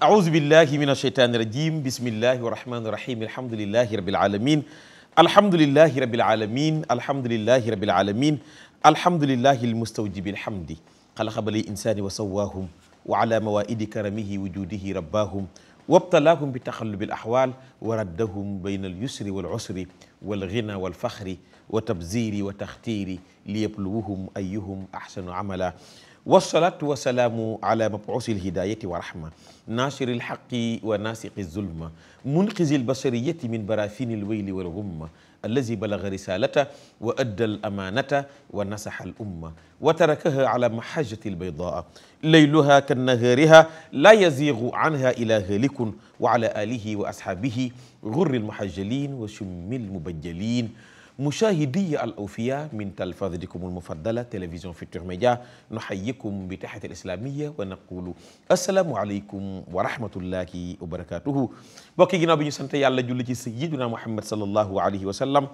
أعوذ بالله من الشيطان الرجيم بسم الله الرحمن الرحيم الحمد لله رب العالمين الحمد لله رب العالمين الحمد لله رب العالمين الحمد لله المستوجب الحمد خلق بلي إنسان وسواهم وعلى موائد كرمه وجوده رباهم وابتلاهم بتقلب الأحوال وردهم بين اليسر والعسر والغنى والفخر وتبذير وتختير ليبلوهم أيهم أحسن عملا wasalaatu wasalaamu ala mabuusil hidayati wa rahma naasiri lxaqi wa naasiqi zulma munqizi lbashariyati min barafini lwayli walghumma allazi balaga risalata wa adda alamanata wa nasaxa alumma wa tarakaha ala mahajati lbaydaa layluha kannahaariha la yazigu anha ila halikun wa ala alihi wa ashabihi gurri almuhajjalin wa shummi almubajjalin مشاهدي الأوفياء من تلفزتكم المفضلة تلفزيون فيتور ميديا نحييكم بتحية الإسلامية ونقول السلام عليكم ورحمة الله وبركاته bokk ginnaaw bi ñu sant yàlla julli ci sayyidina Muhammad sallallahu alayhi wa sallam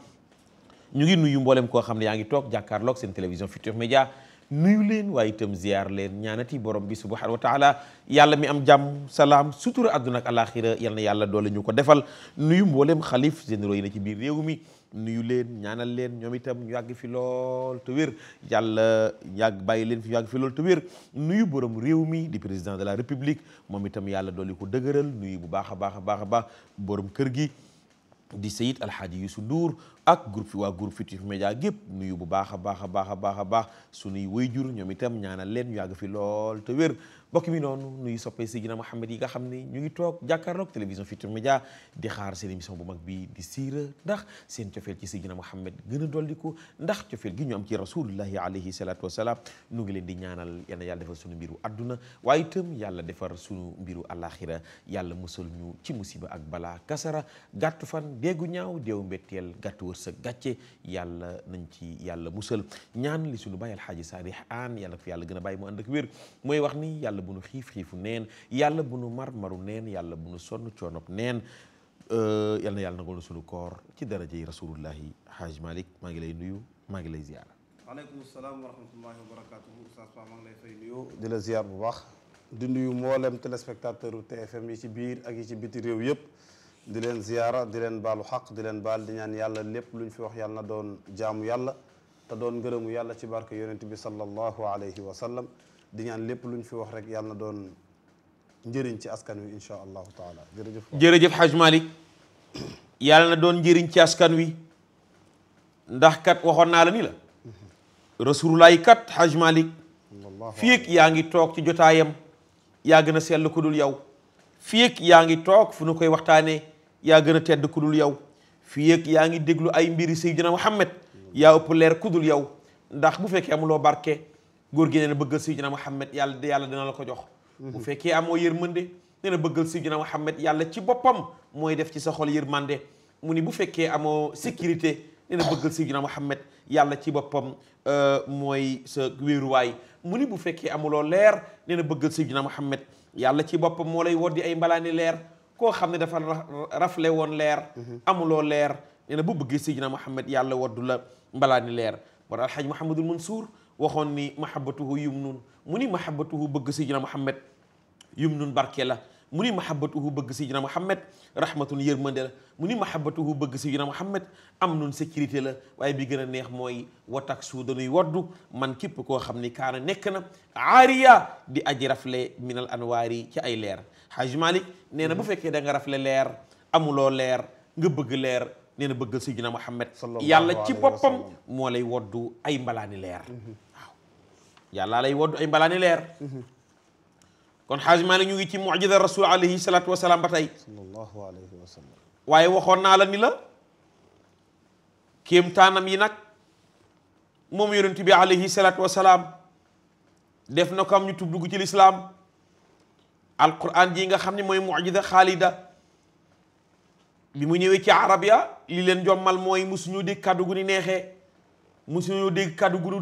ñu ngi nuyu mboolem koo xam ne yaa ngi toog jàkkaarloog seen télévision Futur Média nuyu leen waaye itam leen ñaanati borom bi subhanahu wa taala yàlla mi am jàmm salaam sutura àdduna ak alaxira yal na yàlla doole ñu ko defal nuyu mboolem xalif généraux yi na ci biir réew mi nuyu leen ñaanal leen ñoom itam ñu yàgg fi lool te wér yàlla bàyyi leen fi yàgg fi lool te wér nuyu borom réew mi di président de la république moom itam yàlla dolli ko dëgëral nuyu bu baax a baax a baax a baax borom kër gi di Seyid Alhaaji Youssou Ndour ak groupe waa groupe Futurs nuyu bu baax a baax a baax a baax a baax sunuy wayjur ñoom itam ñaanal leen ñu yàgg fi lool te wér mbokk mi noonu nuy soppee Seydina Mouhamed yi nga xam ne ñu ngi toog jàkkaarloog télévision Futurs Médias di xaar seen émission bu mag bi di siira ndax seen cofeel ci Seydina Mouhamed gën a dolliku ndax cofeel gi ñu am ci rasulullahi alayhi salatu wasalaam nu ngi leen di ñaanal yal na yàlla defar suñu mbiru adduna waaye itam yàlla defar suñu mbiru alaxira yàlla musal ñu ci musiba ak balaa kasara gàttu fan déggu ñaaw deewu mbetteel gàttu sa gàcce yàlla nañ ci yàlla musal ñaan li suñu bàyyi alxaaji saarix aan yàlla gën a bàyyi mu ànd ak wér mooy wax ni yàlla bu nu xiif xiifu neen yàlla bu nu mar maru neen yàlla bu nu sonn coonob neen euh, yal na yàlla sunu koor ci daraja yi rasulullahi Haaj Malick maa ngi lay nuyu maa ngi lay ziyaara. waaleykum salaam wa rahmatullahi nuyu di la ziyaar bu baax. di nuyu mboolem téléspectateur TFM yi ci biir ak yi ci biti réew yëpp di leen ziyaara di leen baalu xaq di leen baal di ñaan yàlla lépp lu ñu fi wax yàlla na doon jaamu yàlla te doon ngërëmu yàlla ci barke yonent bi sallallahu alayhi wa di ñaan lépp luñ fi wax rek yàlla na doon njëriñ ci askan wi incha allahu taala jërëjëf. jërëjëf Haj Malick na doon njëriñ ci askan wi ndax kat waxoon naa la ni la. rasulullahi kat Haj malik fii yaa ngi toog ci jotaayam yaa gën a kudul ku dul yow. fii yaa ngi toog fu nu koy waxtaanee yaa gën a tedd kudul dul yow. fii ak yaa ngi déglu ay mbiri Seydina Muhammad yaa ëpp leer ku dul yow ndax bu fekkee amuloo barke. góor gi nee na bëggal Seydina Muhammad yàlla yàlla dina la ko jox bu fekkee amoo yërmande nee na bëggal Seydina Muhammad yàlla ci boppam mooy def ci sa xol yërmande mu ni bu fekkee amoo sécurité nee na bëggal yàlla ci boppam euh, mooy sa wéeruwaay mu bu fekkee amuloo leer nee na bëggal Seydina Muhammad yàlla ci boppam moo lay woddi ay mbalaani leer koo xam ne dafa rafle woon leer amuloo leer nee na bu bëggee Seydina Muhammad yàlla woddu la mbalaani leer bon alxaaj Mouhamadul Mansour waxoon ni mahabbatuhu yumnun mu ni mahabbatuhu bëgg sidina Muhammad yumnun barke la mu ni mahabbatuhu bëgg sidina Muhammad rahmatun yërmande la mu ni mahabbatuhu bëgg sidina Muhammad am nun sécurité la waaye bi gën a neex mooy watak suu dañuy waddu man képp koo xam ni kaana nekk na aariya di aj rafle minal anwaari ci ay leer Haaj Malik nee na bu fekkee danga rafle leer amuloo leer nga bëgg leer nee na bëggal sidina Muhammad yàlla ci boppam moo lay woddu ay mbalaani leer mhm. yàllaa lay wodd ay mbalaani leer kon xaaj maa ñu ngi ci mucjisa rasul alayhi salaatu wa salaam ba tey sallallahu alayhi wa sallam waaye waxoon naa la ni la kéemtaanam yi nag moom yonent bi alayhi salaatu wa salaam def na ko am ñu tub dugg ci lislaam alquran jii nga xam ne mooy mu xaalida bi mu ñëwee ci arab ya li leen jommal mooy musuñu dégg kàddu gu ni neexee musuñu dégg gu nu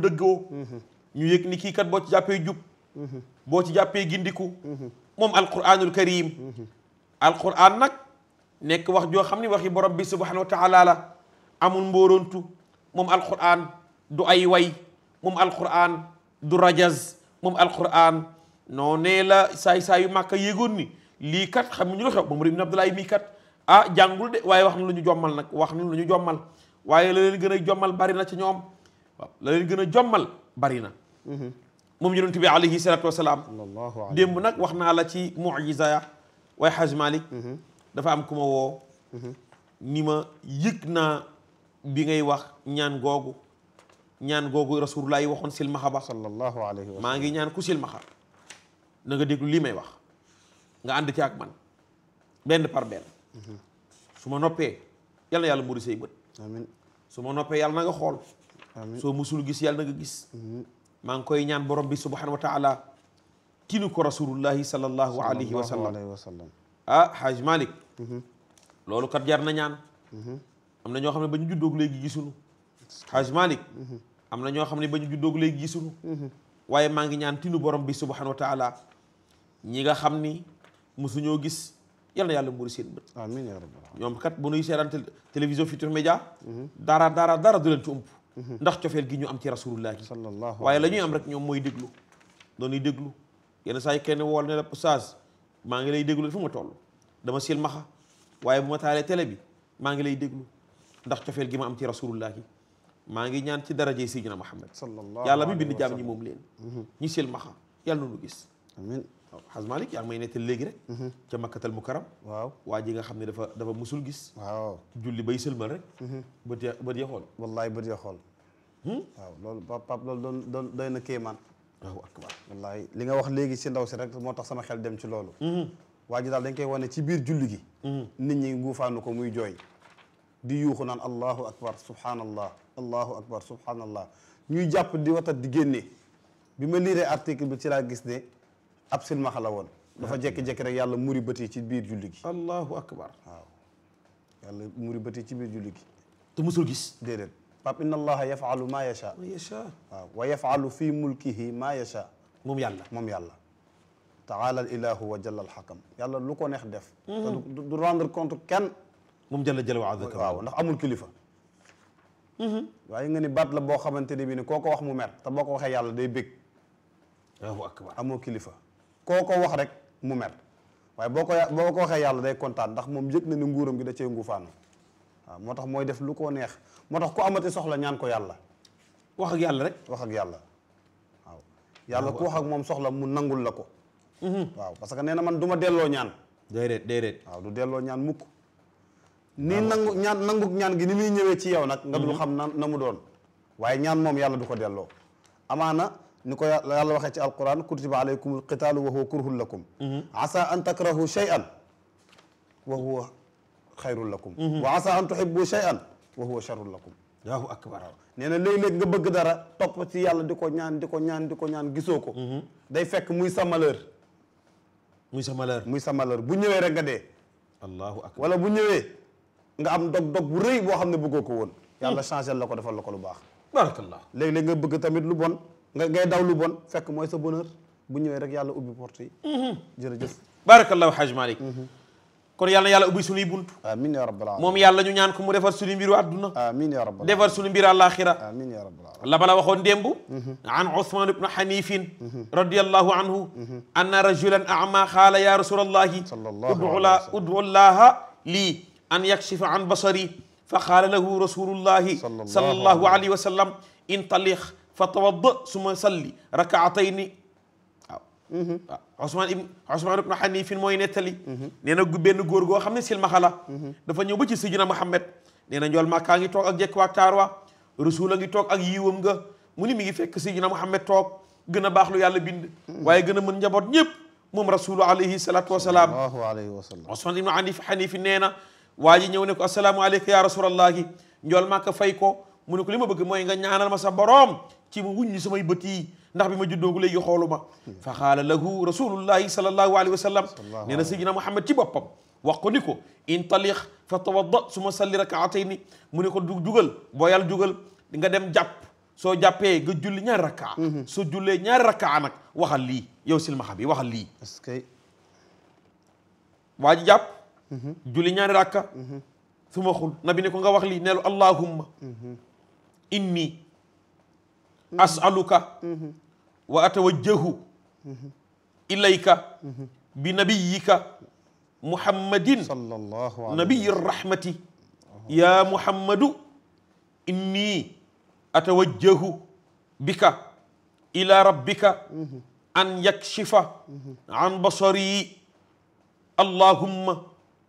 ñu yëg ni kii kat boo ci jàppee jub boo ci jàppee gindiku moom alquranul karim alquran nag nekk wax joo xam ni waxi borom bi subhanahu wa taala la amul mbóorontu moom alquran du ay way moom alquran du rajaz moom alquran noo nee la saay saay yu màkka yéegoon ni lii kat xam ñu lu xew moom ibn abdullah mii kat ah jàngul de waaye wax na lu ñu jommal nag wax nu lañu jommal waaye la leen gën a jommal bari na ci ñoom waaw la leen gën a jommal bari na moom yonent bi alayhi salaatu wasalaam démb nag wax naa la ci mujiza ya waaye Haj Malik mhm. dafa am ku ma woo mhm. ni ma yëg naa bi ngay wax ñaan googu ñaan googu rasulullah yi waxoon silmaxa ba sallallahu alayhi maa ngi ñaan ku silmaxa na nga déglu lii may wax nga ànd ci ak man benn par benn mhm. su ma noppee yal na yàlla muri say yàlla na nga xool soo musul gis yàlla na nga gis maa ngi koy ñaan borom bi subhanahu wa taala tinu ko rasulullahi sallallahu alayhi wa sallam ah Haaj Malick mm-hmm. loolu kat jar na ñaan mm-hmm. am na ñoo xam ne ba ñu juddoog léegi gisuñu Haaj Malick mm-hmm. am na ñoo xam ne ba ñu juddoog léegi gisuñu waaye maa ngi ñaan tinu borom bi subhanahu wa taala ñi nga xam ni mosuñoo gis yal na yàlla muuri seen bët amiin yaa rabbal ñoom kat bu nuy seetaan télévision Futurs Médias dara dara dara du leen ci ëmp ndax cofeel gi ñu am ci rasulullah gi waaye la ñuy am rek ñoom mooy déglu doonuy déglu yenn saa yi kenn wool ne la saas maa ngi lay déglu dafa ma toll dama silmaxa waaye bu ma taalee télé bi maa ngi lay déglu ndax cofeel gi ma am ci rasulullah gi maa ngi ñaan ci daraje Seydina Muhammad yàlla mi bind jaam ñi moom leen mhm. ñi silmaxa yàlla nunu gis waaw xas Malick yaa ngi may nettali léegi rek mhm. ca makkatal mu karam waaw waa ji nga xam ne dafa dafa musul gis waaw julli bay sëlmal rek mhm. bët ya bët ya xool wallaay bët ya xool hmm? waaw loolu pap loolu doon doon doy na kéemaan waaw akbar nga wax léegi si ndaw si rek moo tax sama xel dem ci loolu hmm. waa ji daal dañ koy wane ci biir julli gi hmm. nit ñi nguufaanu ko muy jooy di yuuxu naan allahu akbar subhanallah allahu akbar subhanallah ñuy jàpp di watat di génne bi ma liiree article bi ci laa ab silmaxa la woon dafa jekki-jekki rek yàlla muri bëti ci biir julli gi allahu akbar waaw yàlla muri ci biir julli gi te mosul gis déedéet pap inna allaha yafalu maa yacha ma yacha waaw wa yafalu fi mulkihi maa yacha moom yàlla moom yàlla taala al ilahu wa jalla al xakam yàlla lu ko neex def mhm. te du rendre compte kenn moom jalla jalla wa azaka waaw ndax amul kilifa mhm. waaye nga baat la boo xamante ne bi ne koo ko wax mu mer te boo ko waxee yàlla day bég koo ko wax rek mu mer waaye boo ko boo ko waxee yàlla day kontaan ndax moom yëg na ni nguuram gi da cee nguufaanu waaw moo tax mooy def lu ko neex moo tax ku amati soxla ñaan ko yàlla. wax ak yàlla rek. wax ak yàlla waaw. yàlla ku wax ak moom soxla mu nangul la ko. Mm-hmm. waaw parce que nee na man du ma delloo ñaan. déedéet déedéet. waaw du delloo ñaan mukk. ni nangu ñaan nangu ñaan gi ni muy ñëwee ci yow nag. nga dul mm-hmm. xam na na mu doon. waaye ñaan moom yàlla du ko delloo. ni ko yàlla waxee ci alquran kutiba alaykumul qitaalu wa huwa kurhun lakum mm-hmm. asa an takrahu shay'an wa huwa xayrun lakum mm-hmm. wa asa an tuhibbu shay'an wa huwa sharrun lakum allahu akbar nee na léeg-léeg nga bëgg dara topp ci yàlla di ko ñaan di ko ñaan di ko ñaan gisoo ko mm-hmm. day fekk muy sa malheur muy sa malheur muy sa malheur bu ñëwee rek nga dee allahu akbar wala bu ñëwee nga am dog-dog bu rëy boo xam ne bëggoo ko woon yàlla mm. changé la ko defal la ko lu baax barakallah léeg-léeg nga bëgg tamit lu bon nga ngay daw lu bon fekk mooy sa bonheur bu ñëwee rek yàlla ubbi porte yi. Mhm. jërëjëf. barakallahu haj Malick. Mhm. kon yàlla yàlla ubbi suñuy bunt amin ya rabbal alamin moom yàlla ñu ñaan ko mu defar suñu mbiru adduna amin ya rabbal defar suñu mbiru alaxira amin ya rabbal alamin la ma la waxoon démb mhm. an Usman ibnu Hanifin radiallahu anhu anna rajulan ama xaala ya rasulallahi udu la udu llaha lii an yakshifa an basari fa qaala lahu rasulullahi sallallahu alayhi wa sallam in taliq fa tawadda suma salli rakaatayni waaw waaw Ousmane ibn Ousmane ibn Hanifin mooy nettali nee na benn góor goo xam ne silmaxa la dafa ñëw ba ci Sayyidina Muhammad nee na njool Makka ngi toog ak jekk waa taar wa rasul a ngi toog ak yiwam nga mu ni mi ngi fekk Sayyidina Muhammad toog gën a baax lu yàlla bind waaye gën a mën njaboot ñëpp moom rasulu alayhi salatu wasalaam Ousmane ibn Hanif Hanifin nee na waa ji ñëw ne ko asalaamu aleyka ya rasulallahi njool Makka fay ko mu ne li ma bëgg mooy nga ñaanal ma sa boroom ci ma wuñ ñi samay bët yi ndax bi ma juddoogu léegi xoolu ma fa qaala lahu rasulullahi sallallahu alayhi wa sallam nee na sayyidina Muhammad ci boppam wax ko ni ko intaliq fa tawadda su ma salli rakaatayni mu ne ko du jugal boo yàlla jugal nga dem jàpp soo jàppee nga julli ñaari rakkaa mm-hmm. soo jullee ñaari rakkaa nag waxal lii yow silmaxa bi waxal lii est-ce que waa jàpp mm-hmm. julli ñaari rakka mm-hmm. su ma nabi ne ko nga wax lii neelu allahumma inni asaluka wa atawajjahu ilayka bi nabiyika muhammadin nabiyi rahmati ya muhammadu inni atawajjahu bika ila rabbika an yakshifa an basari allahumma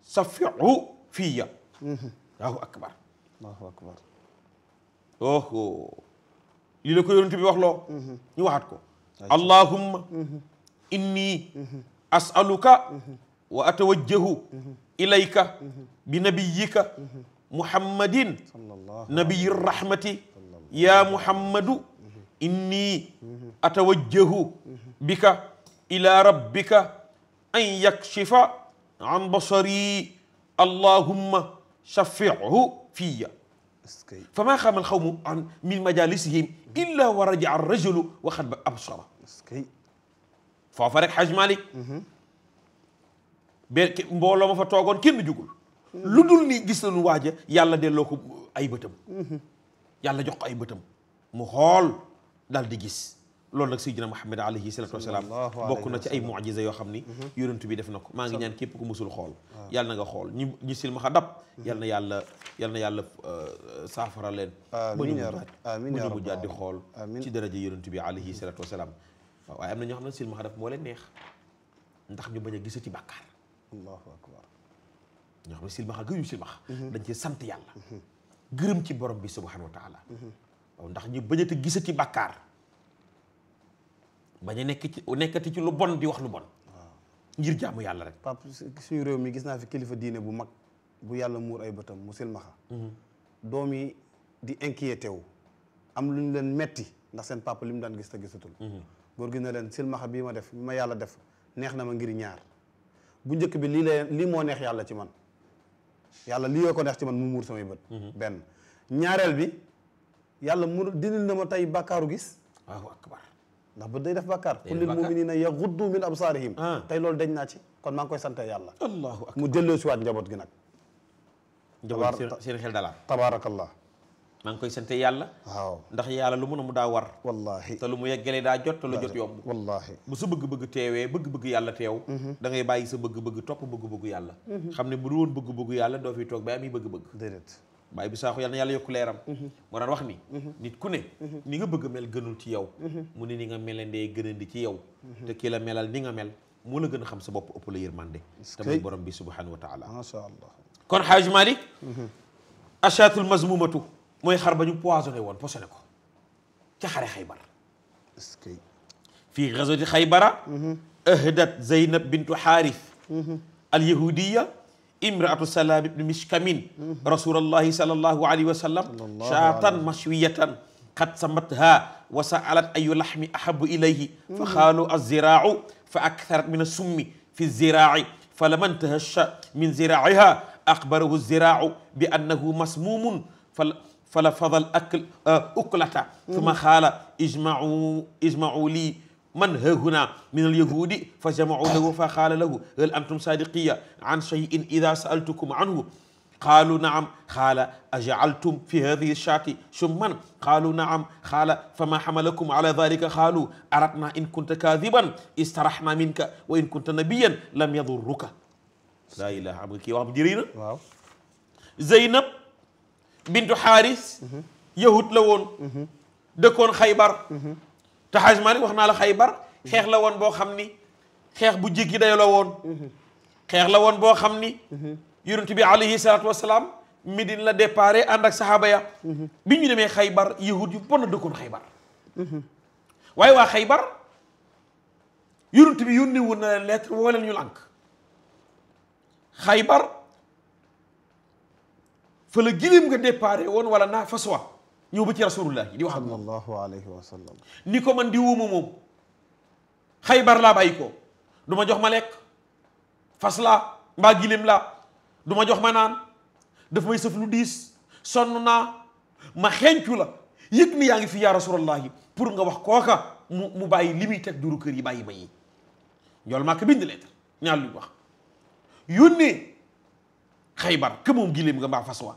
safihu fiya allahu akbar allahu akbar oho lii la ko yonent bi wax loo ñu waxaat ko allahumma mhm. inni mhm. as'aluka mhm. wa atawajjahu ilayka bi nabiyika muhammadin nabiyi rahmati ya muhammadu inni atawajjahu bika ila rabbika an yakshifa an basari allahumma shafihu fiya fa maa xaamal xaw mu an min majalisihim illa wa raja ar rajulu waxat ba absara foofa rek Haj Malik mhm. be mbooloo ma fa toogoon kenn jugul lu dul ni gis nañu waaja yàlla delloo ko ay bëtam mhm. yàlla jox ko ay bëtam mu xool dal di gis loolu nag si Muhammad alayhi salaatu wasalaam bokk na ci ay mucjisa yoo xam ni yonent bi def na ko maa ngi ñaan képp ku musul na nga xool ñi ñi silmaxa dab yàlla na yàlla yàlla yàlla euh, saafara leen ba ñu mujjaat ba ñu mujjaat di xool ci daraja yonent bi alayhi salaatu wasalaam waaw waaye am na ñoo xam ne silmaxa moo leen neex ndax ñu bañ a gisati bàkkaar allahu akbar ñoo xam ne silmaxa gëñu silmaxa mhm. sant yàlla mhm. gërëm ci borom bi subhanahu wa taala mhm. waaw ndax ñu bañ a gisati bàkkaar bañ a nekk ci nekkati ci lu bon di wax lu bon. Ah. ngir jaamu yàlla rek. pap suñu réew mi gis naa fi kilifa diine bu mag bu yàlla muur ay bëtam mu silmaxa mhm. doom yi di inquiété wu am lu ñu leen metti ndax seen papa li mu daan gis te gisatul. Mhm. góor gi na leen silmaxa bii ma def bi ma yàlla def neex na ma ngir ñaar bu njëkk bi lii leen lii moo neex yàlla ci man yàlla lii yoo ko neex ci man mu muur samay bët. Mhm. benn ñaareel bi yàlla mu dindil na ma tey bàkkaaru gis. ndax bu day def bàkkaar kullil muminina yaghuddu min absaarihim ah. tey loolu dañ naa ci kon maa ngi koy sante yàlla allahu akbar mu delloo si waat njaboot gi nag njaboot seen xel dalaat tabaarakallah maa ngi koy sante yàlla ndax yàlla lu mun a mu daa war wallahi te lu mu yeggale daa jot te lu jot yomb wallahi bu sa bëgg-bëgg teewee bëgg-bëgg yàlla teew mhm. da ngay bàyyi sa bëgg-bëgg topp bëgg-bëgg yàlla mhm. xam ne bu du woon bëgg-bëgg yàlla doo fi toog ba am bëgg-bëgg bàyyi bi saaxu yal na yàlla yokku leeram mhm. moo daan wax mi mhm. nit ku ne mhm. ni nga bëgg mel gënul ci yow mu ne ni nga melandee gënandi ci yow te kii la melal ni nga mel moo la gën a xam sa bopp ëpp la yërmande tamit borom bi subhanahu wa taala masha allah kon xaaj malik achatul mazmumatu mooy xar ba ñu poisonné woon poisonné ko ca xare xaybar fii gazwati xaybara ahdat zeynab bintu xaaris al yahudiya imraatu salaam ibni mishkamin rasulallahi sallallahu alayhi wa sallam shaatan mashwiyatan qad samatha wa saalat ayu lahmi ahabu ilayhi fa xaalu hmm. alziraau fa aktharat min asummi fi ziraai falama ntaha min ziraiha axbarahu ziraau bi annahu masmumun falafada al akl uklata uh, summa xaala hmm. ijmau ijmau lii man hahuna min alyahudi fa jamau lahu fa qaala lahu hal antum sadiqiya an cheyin ida saaltukum anhu qaalu naam qaala ajaaltum fi hadihi shaati summan qaalu naam qaala fama hamalakum ala dalika qaalu aratna in kunta kadiban istaraxna minka wa in kunta nabiyan lam yadurruka laa ilaha am nga kii wax bu jëriñ na waaw zeynab bintu xaaris mhm. yahut la woon mhm. dëkkoon xaybar mhm. te Xaaj Maalik wax naa la Xaybar xeex la woon boo xam ni xeex bu jéggi dayo la woon xeex la woon boo xam ni yonent bi alayhi salaatu wasalaam midin la départ ànd ak saxaaba ya bi ñu demee Xaybar yahud yu bon a dëkkoon Xaybar waaye waa Xaybar yonent bi yónni woon na leen lettre woo leen ñu lànk Xaybar fa la giléem nga départ woon wala naa fas ñëw ba ci rasulullah di wax ak moom sallallahu alayhi wa sallam ni ko ma di wuuma moom xaybar laa bàyyi ko du ma jox ma lekk fas laa mbaa giléem laa du ma jox ma naan dafa may sëf lu diis sonn ma xencu la yëg mi yaa ngi fi yaa rasulallah yi pour nga wax kooka mu mu bàyyi li muy teg duru kër yi bàyyi ma yi njool maa ko bind lettre ñaar luñ wax yónnee xaybar ke moom giléem nga mbaa fas wa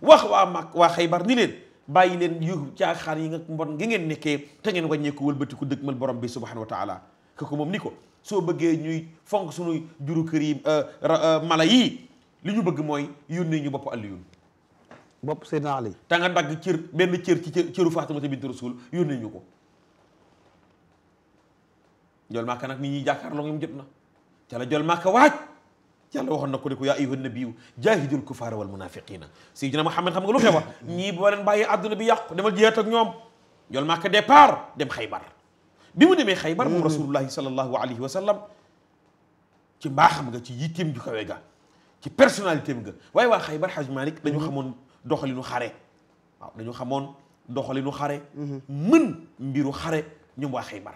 wax waa mag xaybar ni leen bàyyi leen yu caaxaan yi nga mbon ngi ngeen nekkee te ngeen wàññeeku wëlbatiku mal borom bi subhanahu wa taala ko moom ni ko soo bëggee ñuy fonk suñu juru kër yi euh, euh, mala yi li ñu bëgg mooy yónnee ñu bopp Aliyun bopp Seydina Ali te nga dagg cër benn cër ci cëru Faatimata bintu Rasul yónnee ñu ko jol maaka nag nit ñuy jàkkaarloo ñoom jot na ca la jol maaka waaj yàlla waxoon na ko ne ko yaa ayyuhan nabiyyu jaahidil kufaara wal munaafiqiina Seydina Muhammad xam nga lu xewa ñii boo leen bàyyi àdduna bi yàqu demal jihaat ak ñoom yool maaka départ dem xaybar bi mu demee xaybar moom hmm. rasulullahi sallallahu alayhi wa sallam ci mbaaxam nga ci yitteem ju kawe ga ci personnalité am nga waaye waa xaybar Haj Malik dañu hmm. xamoon doxalinu xare waaw dañu xamoon doxalinu xare hmm. mën mbiru xare ñoom waa xaybar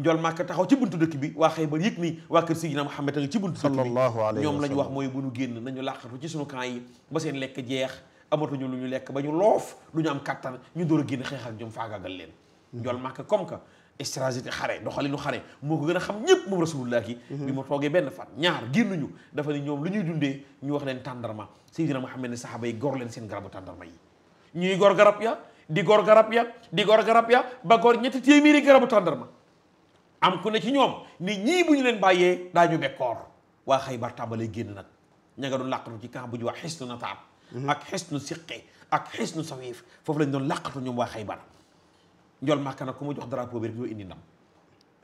njol màkk taxaw ci buntu dëkk bi waa Xaybar yëg ni waa kër Sidina Muhammad a nga ci buntu dëkk bi ñoom la ñu wax mooy bu ñu génn nañu làqatu ci sunu camp yi ba seen lekk jeex amatuñu lu ñu lekk ba ñu loof lu ñu am kattan ñu door a génn xeex ak faa faagaagal leen hmm. njol màkk comme que stratégie xare doxalinu xare moo ko gën a xam ñëpp moom rasulullah ki hmm. bi mu toogee benn fan ñaar génnuñu dafa ni ñoom lu ñuy dundee ñu wax leen tàndarma Sidina Muhammad ne saxaaba yi gor leen seen garabu tàndarma yi ñuy gor garab ya di gor garab ya di gor garab ya ba gor ñetti téeméeri garabu tàndarma am ku ne ci ñoom ni ñii bu ñu leen bàyyee daa daañu bekkoor waa xaybar tàmbalee génn nag ña nga doon làqatu ci camp bu ñu wax xisnu nataab mhm. ak xisnu siqe ak xisnu sawiif foofu lañ doon làqatu ñoom waa xaybar njol màkk nag ku ma jox drapeau bi rek yoo indi ndam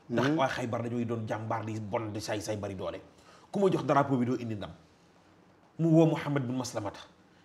ndax mhm. waa xaybar dañuy doon jàmbaar di bon di say say bari doole ku ma jox drapeau bi doo indi ndam mu woo Muhammad bin Maslamata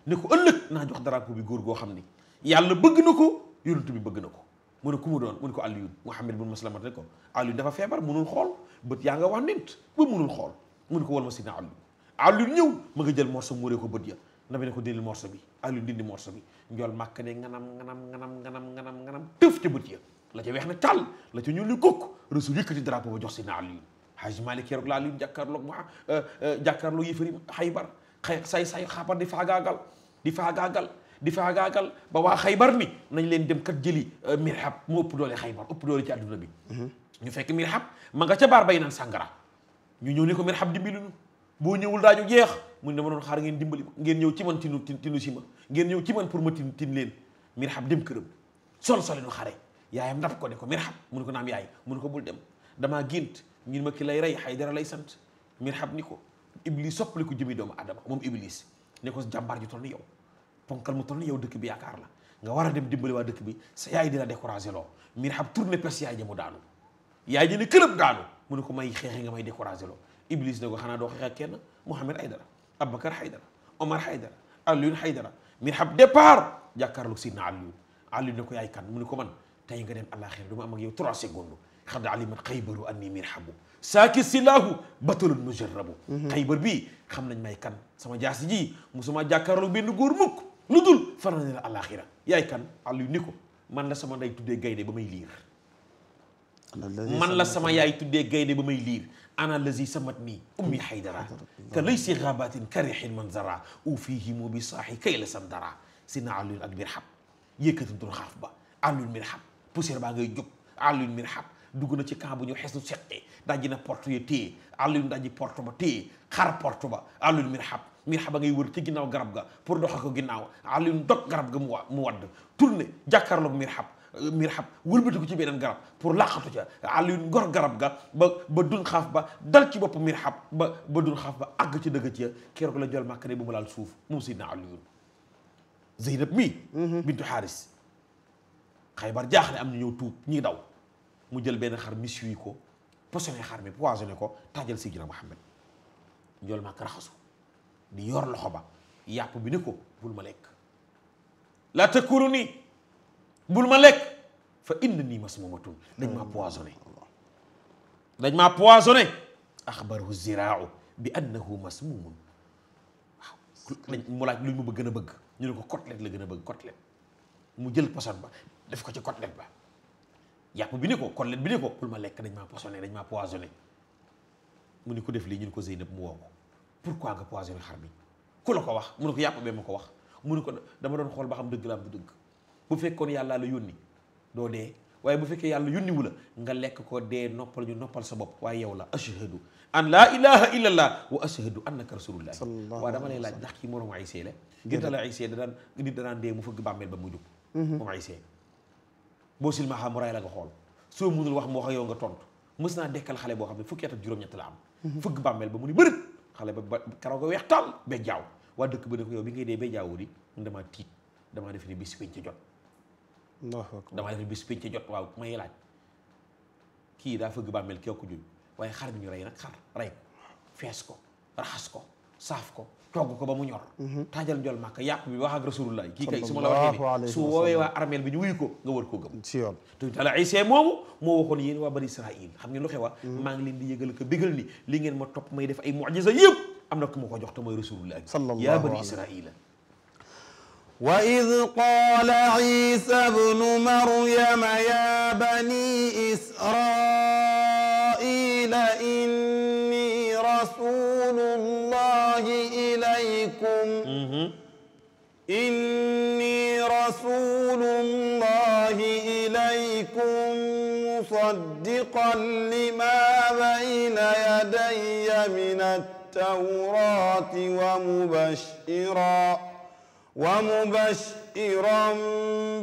ni ko ëllëg naa jox drapeau bi góor goo xam ni yàlla bëgg na ko yonent bi bëgg na ko mu ne ku mu doon mu ne ko Aliyun Muhammad bin Maslama ne ko Aliyun dafa feebar munul xool bët yaa nga wax nent ba munul xool mu ne ko wal ma sidna Aliyun Aliyun ñëw ma nga jël morso muuree ko bët ya nabi ne ko dindil morso bi Aliyun dindi morso bi njool màkk ne nganam nganam nganam nganam nganam nganam tëf ca bët ya la ca weex na tàll la ca ñuul li kukk Rasul yëkkati drapeau ba jox sidna Aliyun Hajji Maalik keroog la Aliyun jàkkaarloog ma euh, euh, jàkkaarloog yëfari Xaybar xay say say xabar di faagaagal di faagaagal di faagaagal ba waa xaybar ni nañ leen dem kat jëli euh, mirhab moo ëpp doole xaybar ëpp doole ci adduna bi mhm. ñu fekk mirhab man nga ca baar bay naan sàngara ñu ñëw ni ko mirhab dimbali nu boo ñëwul daañu jeex mu ne dama doon xaar ngeen dimbali ngeen ñëw ci man ti tinu si ngeen ñëw ci man pour ma tin tin leen mirhab dem këram sol solinu xare yaayam ndap ko ne ko mirhab mu ne ko naam yaay mu ne ko bul dem damaa gént ñun ma ki lay rey dara lay sant mirhab ni ko iblis soppali ko jëmi doomu adama moom iblis ne jàmbaar ju toll ni yow ponkal mu toll ni yow dëkk bi yaakaar la nga war a dem dimbali waa dëkk bi sa yaay di la découragé loo miir xam tourné pes yaay ja mu ko may xeexi nga may découragé loo Iblis ne ko xanaa doo xeex ak kenn Mouhamed Haydara Aboubacar Haydara Omar Haydara Alioune Haydara miir xam départ jàkkaarloog Sidna Alioune Alioune ne ko yaay kan mu ne ko man tey nga dem àllaaxira du ma am ak yow trois secondes xad alimat xaybaru anni miir xabu bi xam nañ may kan sama jaasi ji musuma jàkkaarloog benn góor mukk lu dul faral ne la àllaaxira yaay kan Aliou ni ko man la sama nday tuddee gaynde ba may liir man la sama yaay tuddee gaynde ba may liir ana lazi samat nii ummi haydara ka lay si xabatin karixin man zara u fihimu bi saaxi kay la sam dara si na Aliou ak Mirhab yëkkati doon xaaf ba Aliou Mirhab poussière baa ngay jóg Aliou Mirhab dugg na ci camp bu ñu xes nu seqe dajji na porte ya téye Aliou dajji porte ba téye xar porte ba Aliou Mirhab miir ba ngay wër ci ginnaaw garab ga pour doxa ko ginnaaw Alioune dog garab ga mu wa mu wadd tourné jàkkaarloog miir xab miir xab wëlbati ko ci beneen garab pour làqatu ca Alioune ngor garab ga ba ba dun xaaf ba dal ci bopp miir xab ba ba dun xaaf ba àgg ci dëgg ci keroog la jol màkk ne bu mu laal suuf naa Seydina Alioune Zeynab mi mhm. bintu Xaaris Xaybar jaaxle am na ñëw tuub ñii daw mu jël benn xar mi suy ko poisonné xar mi poisonné ko taajal Seydina Muhammad njool màkk raxasu di yor loxo ba yàpp bi ne ko bul ma lekk laa tëkkuru nii bul ma lekk fa indi nii mas moomatun dañ maa poisonné dañ maa poisonné axbarahu ziraau bi annahu masmumun waaw mu laaj lu mu bëgg a bëgg ñu ne ko côtelette la gën a bëgg côtelette mu jël poison ba def ko ci côtelette ba yàpp bi ne ko côtelette bi ne ko bul ma lekk dañ maa poisonné dañ maa poisonné mu ni ko def lii ñu ne ko Zeynab mu woo pourquoi nga poisonné xar bi ku la ko wax mu ne ko yàpp bee ma ko wax mu ne ko dama doon xool ba xam dëgg la am du dëgg bu fekkoon yàllaa la yónni doo dee waaye bu fekkee yàlla yónni wu la nga lekk ko dee noppal ñu noppal sa bopp waaye yow la ashhadu an laa ilaha illa allah wa ashhadu annaka rasulullah waaw dama lay laaj ndax kii moroom Aysee la gënta la Aysee danaan nit danaan dee mu fëgg bàmmeel ba mu jóg mhm. moom Aysee boo silmaxa mu ray la nga xool soo mënul wax mu wax yow nga tontu mës naa dekkal xale boo xam ne fukki at ak xale ba ba karaw ga weex tàll ba jaaw waa dëkk ba ne ko yow bi ngay dee ba jaawu di mun damaa tiit damaa def ni bis pénc jot dama def ni bis pénc jot waaw may laaj kii daa fëgg bàmmeel kii ko juñ waaye xar bi ñu rey nag xar rey ko fees ko raxas ko saaf ko taajal mhm. njol màkk yàpp bi wax rasulullah kii kay su ma la waxee ni su woowee waa armeel bi ñu wuyu ko nga war koo gëm ci yoon te ala Isa moomu moo waxoon yéen waa bani Israil xam ngeen lu xewa ah? mhm. maa ngi leen di yëgal ko bégal ni li ngeen ma topp may def ay mucjisa yëpp am na ku ma ko jox te mooy rasulullah yaa bani Israil وإذ قال عيسى ابن مريم يا بني إسرائيل إني رسول الله لكم إني رسول الله إليكم مصدقا لما بين يدي من التوراة ومبشرا ومبشرا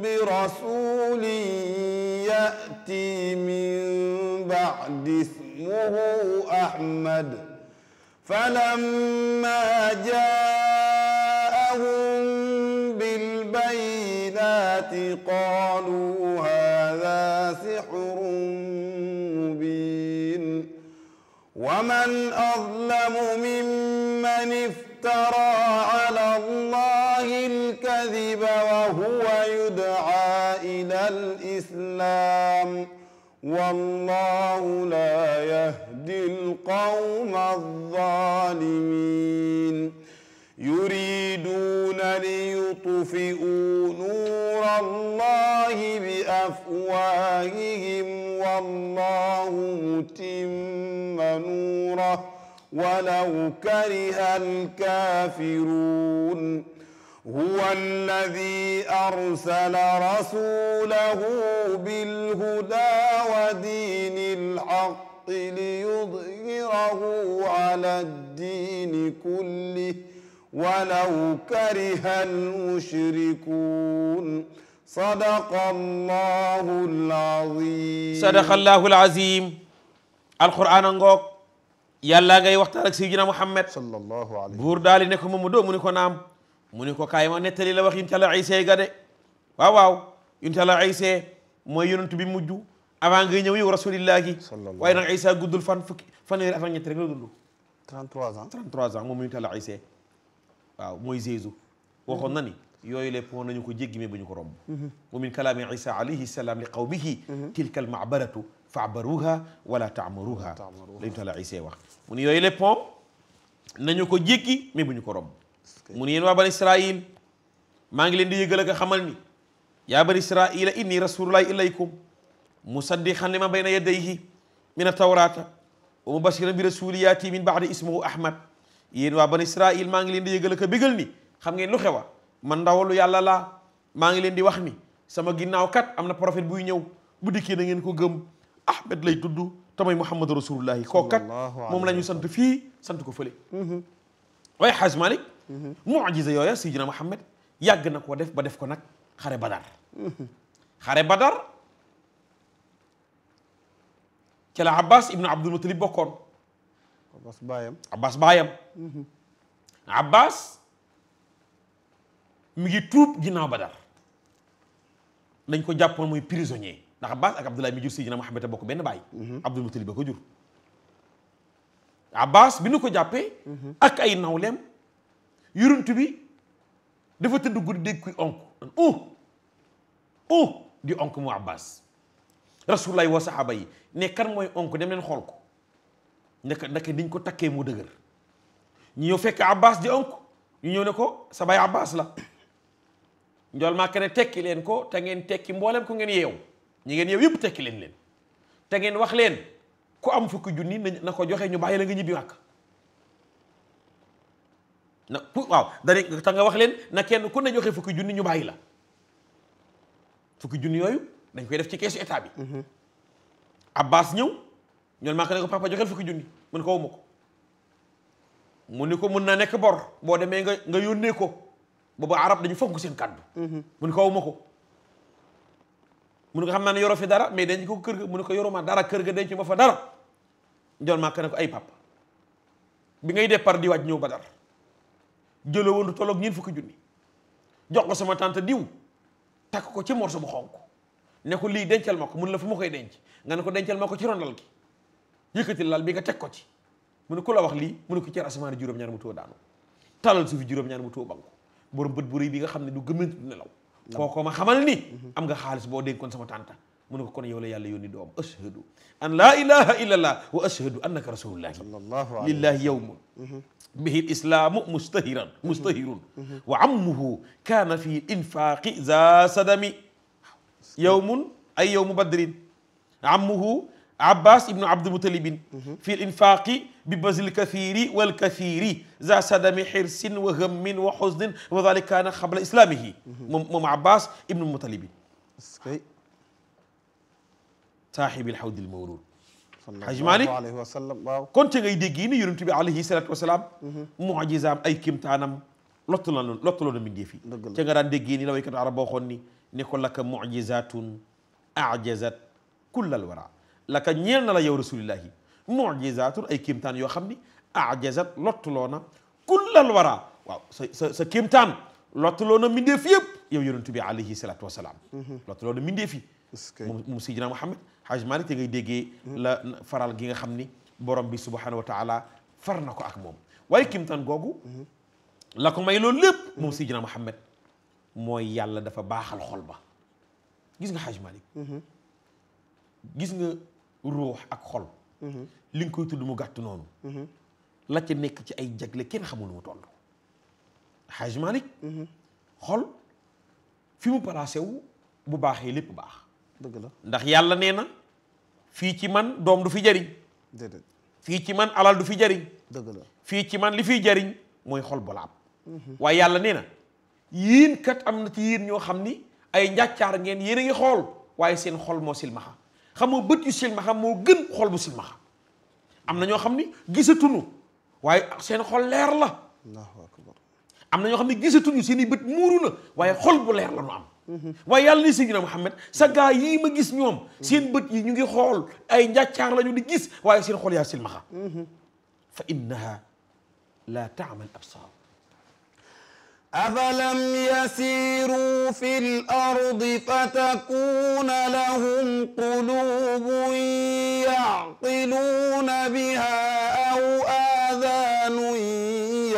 برسول يأتي من بعد اسمه أحمد فلما جاء جاءهم بالبينات قالوا هذا سحر مبين ومن أظلم ممن افترى على الله الكذب وهو يدعى إلى الإسلام والله لا يهدي القوم الظالمين yuriduuna liyutfi'uu nuura allahi bi afwaahihim wallahu mutimma nuurahu walaw kariha alkaafiruun هو الذي أرسل رسوله بالهدى ودين الحق ليظهره على الدين كله walaw kariha al-mushrikuun sadaqallaahu al-aziim sadaqallaahu al-aziim alquraan a ngoog yàlla ngay waxtaan ak sayyidina Muhammad sallallahu alayhi buur daali ne ko ma mu doo mu ni ko naam mu ni ko kaay ma nettali la wax yun tala Iisa ga de waaw waaw yun tala Iisa mooy yonent bi mujj avant ngay ñëw yow rasulillah gi waaye nag Iisa guddul fan fukki fanweeri at ak ñett rek la dund 33 ans 33 ans moom yun tala Iisa waaw mooy Jésus waxoon na ni yooyu lépp woon nañu ko jéggi mais bu ñu ko romb wa min kalaami isa alayhi salaam li qawmihi tilka al maabaratu faabaruha wala taamaruha lañu taala isa wax mu ni yooyu lépp moom nañu ko jéggi mais bu ñu ko romb mu ni yéen waa bani israil maa ngi leen di yëgal ak xamal ni yaa bani israila inni rasulullahi ilaykum musaddiqan lima bayna yadayhi min atawrata wa mubashiran bi rasuliyaati min baadi ismuhu ahmad yéen waa ban Israël maa ngi leen di yëgal ak a bégal ni xam ngeen lu xewa man ndawalu yàlla laa maa ngi leen di wax ni sama ginnaaw kat am na prophète buy ñëw bu dikkee na ngeen ko gëm Ahmed lay tudd tamay Muhammad rasulullahi kooku kat moom la ñu sant fii sant ko fële. waaye Xaaj Malik. mucjisa yooya Sidina Muhammad yàgg na koo def ba def ko nag xare Badar. xare Badar ca Abbas ibnu Abdul Mutalib bokkoon. abbas baayam abbas baayam mhm. abbas mi ngi tuub ginnaaw badar dañ ko jàppoon muy prisonnier ndax abbas ak abdoulaye mi jur seydina muhammad a bokk benn baay mhm. abdul mutalib ba ko jur abbas bi nu ko jàppee mhm. ak ay nawleem yuruntu bi dafa tëdd guddi dégg kuy onk an oh oh di onk mu abbas rasulullah wa sahaaba yi ne mooy onk dem leen xool ko ndaka ndaka niñ ko takkee mu dëgër ñu ñëw fekk abbas di onk ñu ñëw ne ko sa baay abbas la njool maa ne tekki leen ko te ngeen tekki mboolem ku ngeen yeew ñi ngeen yeew yëpp tekki leen leen te ngeen wax leen ku am fukki junni na ko joxe ñu bàyyi la nga ñibbi màkk na waaw dane te nga wax leen na kenn ku ne joxe fukki junni ñu bàyyi la fukki junni yooyu dañ koy def ci keesu état bi mm-hmm. abbas ñëw ñoon maa ko ko papa joxel fukki junni mun ko wuma ko mu ko mun naa nekk bor boo demee nga nga yónnee ko boobu arab dañu fonk seen kàddu mhm. mun ko wuma ko mun ko xam naa ne yoro fi dara mais denc ko kër ga ne ko yoroma dara kër ga denc ma fa dara ñoon maa ko ay papa bi ngay départ di waaj ñëw ba dara jëloo woon du tolloog ñeent fukki junni jox ko sama tante diw takk ko ci morso bu xonk ne lii dencal ma ko mun la fu ma koy denc nga ne ko dencal ma ko ci rondal gi yëkkati lal bi nga teg ko ci mu ne ku la wax lii mu ne ko ceer asamaan juróom-ñaar mu tuo daanu talal suufi juróom-ñaar mu tuo banku borom bët bi nga xam ne du gëmant du nelaw kooko ma xamal ni mm-hmm. am nga xaalis boo dénkoon sama tànta mu ne ko kon yow la yàlla yónni doom ashhadu an laa ilaha illa allah wa ashhadu annaka rasulullah lillahi yawmun mm-hmm. bihi lislaamu mustahiran mm-hmm. mustahirun wa ammuhu kaana fi infaqi za sadami yawmun ay yawmu badrin ammuhu abbas ibnu abdulmutalibin mhm. fi l infaqi bi bazl kathiri wal kathiri za sadami xirsin wa hammin wa xusnin wa dalik kaana xabla islaamihi mhm. moom moom abbas ibnu mutalibin saaxibil xawdil mawlud xaj maani waaw kon ca ngay dégg yi ne yonent bi alayhi salatu wasalaam mhm. mujizaam ay kimtaanam lottu la lottu la mbindeef yi ca nga daan dégg yi ni la waykat arab boo xoon ni ne ko laka mujizatun ajazat kullal wara laka ñeel la yow rasulillahi mujizatun ay kéemtaan yoo xam ni ajazat lottuloo na kullal wara waaw sa sa sa kéemtaan lottuloo na mindeef yëpp yow yonent bi alayhi salatu wasalaam mhm. lottuloo na mindeef yi moom moom sidina Muhammad Haj Malik te ngay déggee mhm. la faral gi nga xam ni borom bi subhanahu wa taala far na ko ak moom waaye kéemtaan googu mhm. la ko may loolu lépp moom sidina Muhammad mooy yàlla dafa baaxal xol ba gis nga Haj Malik ruux ak xol. Mhm. li nga koy tudd mu gàtt noonu. Mhm. la ca nekk ci ay jagle kenn xamul lu mu toll. Xaaj Malik mhm. xol fi mu placé wu bu baaxee lépp baax. dëgg la ndax yàlla nee na fii ci man doom du fi jariñ. fii ci man alal du fi jariñ. dëgg la fii ci man li fiy jariñ mooy xol bu waaye yàlla nee na yéen kat am na ci yéen ñoo xam ni ay njàccaar ngeen yéen a ngi xool waaye seen xol moo silmaxa xamoo bët yu silmaxa moo gën xool bu silmaxa am na ñoo xam ni gisatuñu waaye seen xol leer la am na ñoo xam ne gisatuñu seen i bët muuru na waaye xool bu leer la nu am waaye yàlla ni Seydina Muhammad sa yii ma gis ñoom seen bët yi ñu ngi xool ay njàccaar la ñu di gis waaye seen xol yaa silmaxa mhm. fa innaha la taamal absar أفلم يسيروا في الأرض فتكون لهم قلوب يعقلون بها أو آذان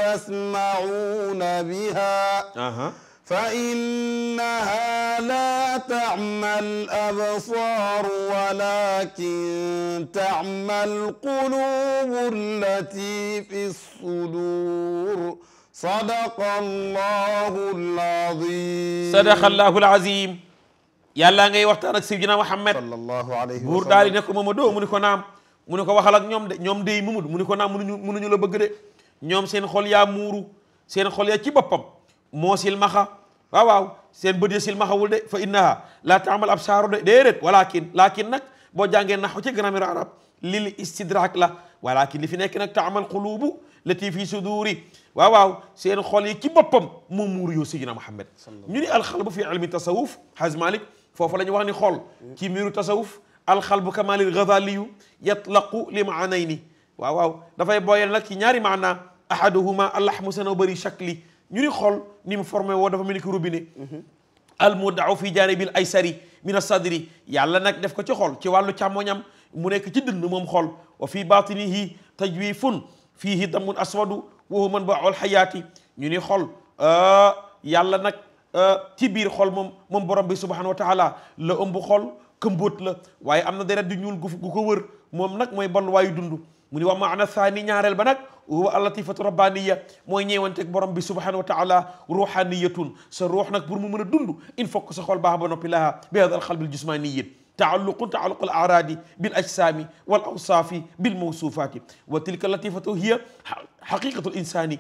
يسمعون بها فإنها لا تعمى الأبصار ولكن تعمى القلوب التي في الصدور sadaqallahul azim sadaqallahul azim yàlla ngay waxtaan ak Seydina Muhammad sallallahu alayhi buur daal di ne ko Mamadou mu ni ko naam mu ni ko waxal ak ñoom de ñoom dey mumud mu ni ko naam munuñu munuñu la bëgg de ñoom seen xol yaa muuru seen xol yaa ci boppam moo silmaxa waaw waaw seen bët ya silmaxawul de fa innaha la taamal absaaru de déedéet walakin laakin nag boo jàngee naxu ci grammaire arab lil istidrak la walakin li fi nekk nag taamal qulubu lati fi suduri waaw waaw seen xol yi ki boppam moo muur yow Seydina Muhammad ñu ni alxalbu fi ilmi tasawuf Haj Malik foofu la ñu wax ni xol ci miiru tasawuf alxalbu kamalil gazaliyu yatlaqu li maanayni waaw waaw dafay booyal nag ci ñaari maana ahaduhuma allahmu sanawbari shakli ñu ni xol ni mu formé woo dafa mel ni ki robinet mm-hmm. almudau fi janibil aysari min asadri yàlla nag def ko ci xol ci wàllu càmmoñam mu nekk ci dënd moom xol wa fi batinihi tajwifun fiihi waxu man ba ol ñu ni xol euh, yàlla nag euh, ci biir xol moom moom borom bi subhanahu wa taala la ëmb xol këmbóot la waaye am na deret di ñuul gu ko wër moom nag mooy balluwaayu dund mu ni wax maana saani ñaareel ba nag wa alatifatu rabbaniya mooy ñeewanteeg borom bi subhanahu wa taala ruuxaniyatun sa ruux nag pour mu mën a dund il faut que sa xol baax ba noppi laha bi hada alxalbil jismaniyin taalluqu taalluqu al araadi bil ajsaami wal awsaafi bil mawsuufaati wa tilka latifatu hiya xaqiqatu l insaani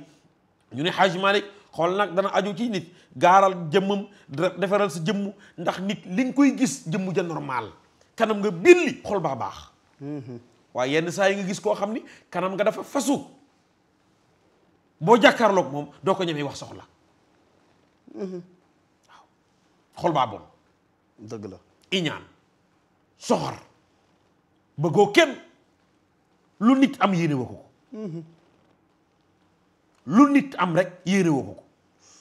ñu ne Xaaji Malik xool nag dana aju ci nit gaaral jëmm defaral sa jëmm ndax nit li nga koy gis jëmm ja normal kanam nga billi xol baa baax mm-hmm. waaye yenn saa yi nga gis koo xam ni kanam nga dafa fasu boo jàkkaarloog moom doo ko ñemee wax soxla mm-hmm. waaw xol baa bon dëgg la soxor bëggoo kenn lu nit am yéene woo ko ko lu nit am rek yéene woo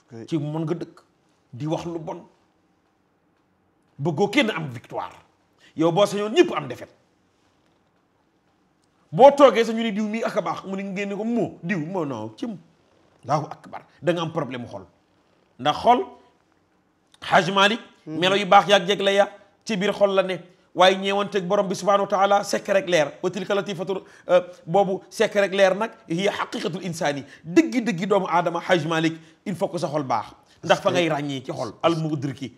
ko ci mën nga dëkk di wax lu bon bëggoo kenn am victoire yow boo sañoon ñëpp am defet boo toogee sa ñu ne diw mii ak a baax mu ne ngeen ko moo diw moo non cim allahu akbar da nga am problème xol ndax xol Hajj Malik hmm. melo yi baax yaag jegle ya ci biir xol la ne waaye ñeewanteeg borom bi subhanahu wa taala sekk rek leer wa tilka latifatu euh, boobu sekk rek leer nag hiya xaqiqatul insaani dëgg dëgg doomu aadama haj malik il faut que sa xol baax ndax fa ngay ràññee ci xol al mudriki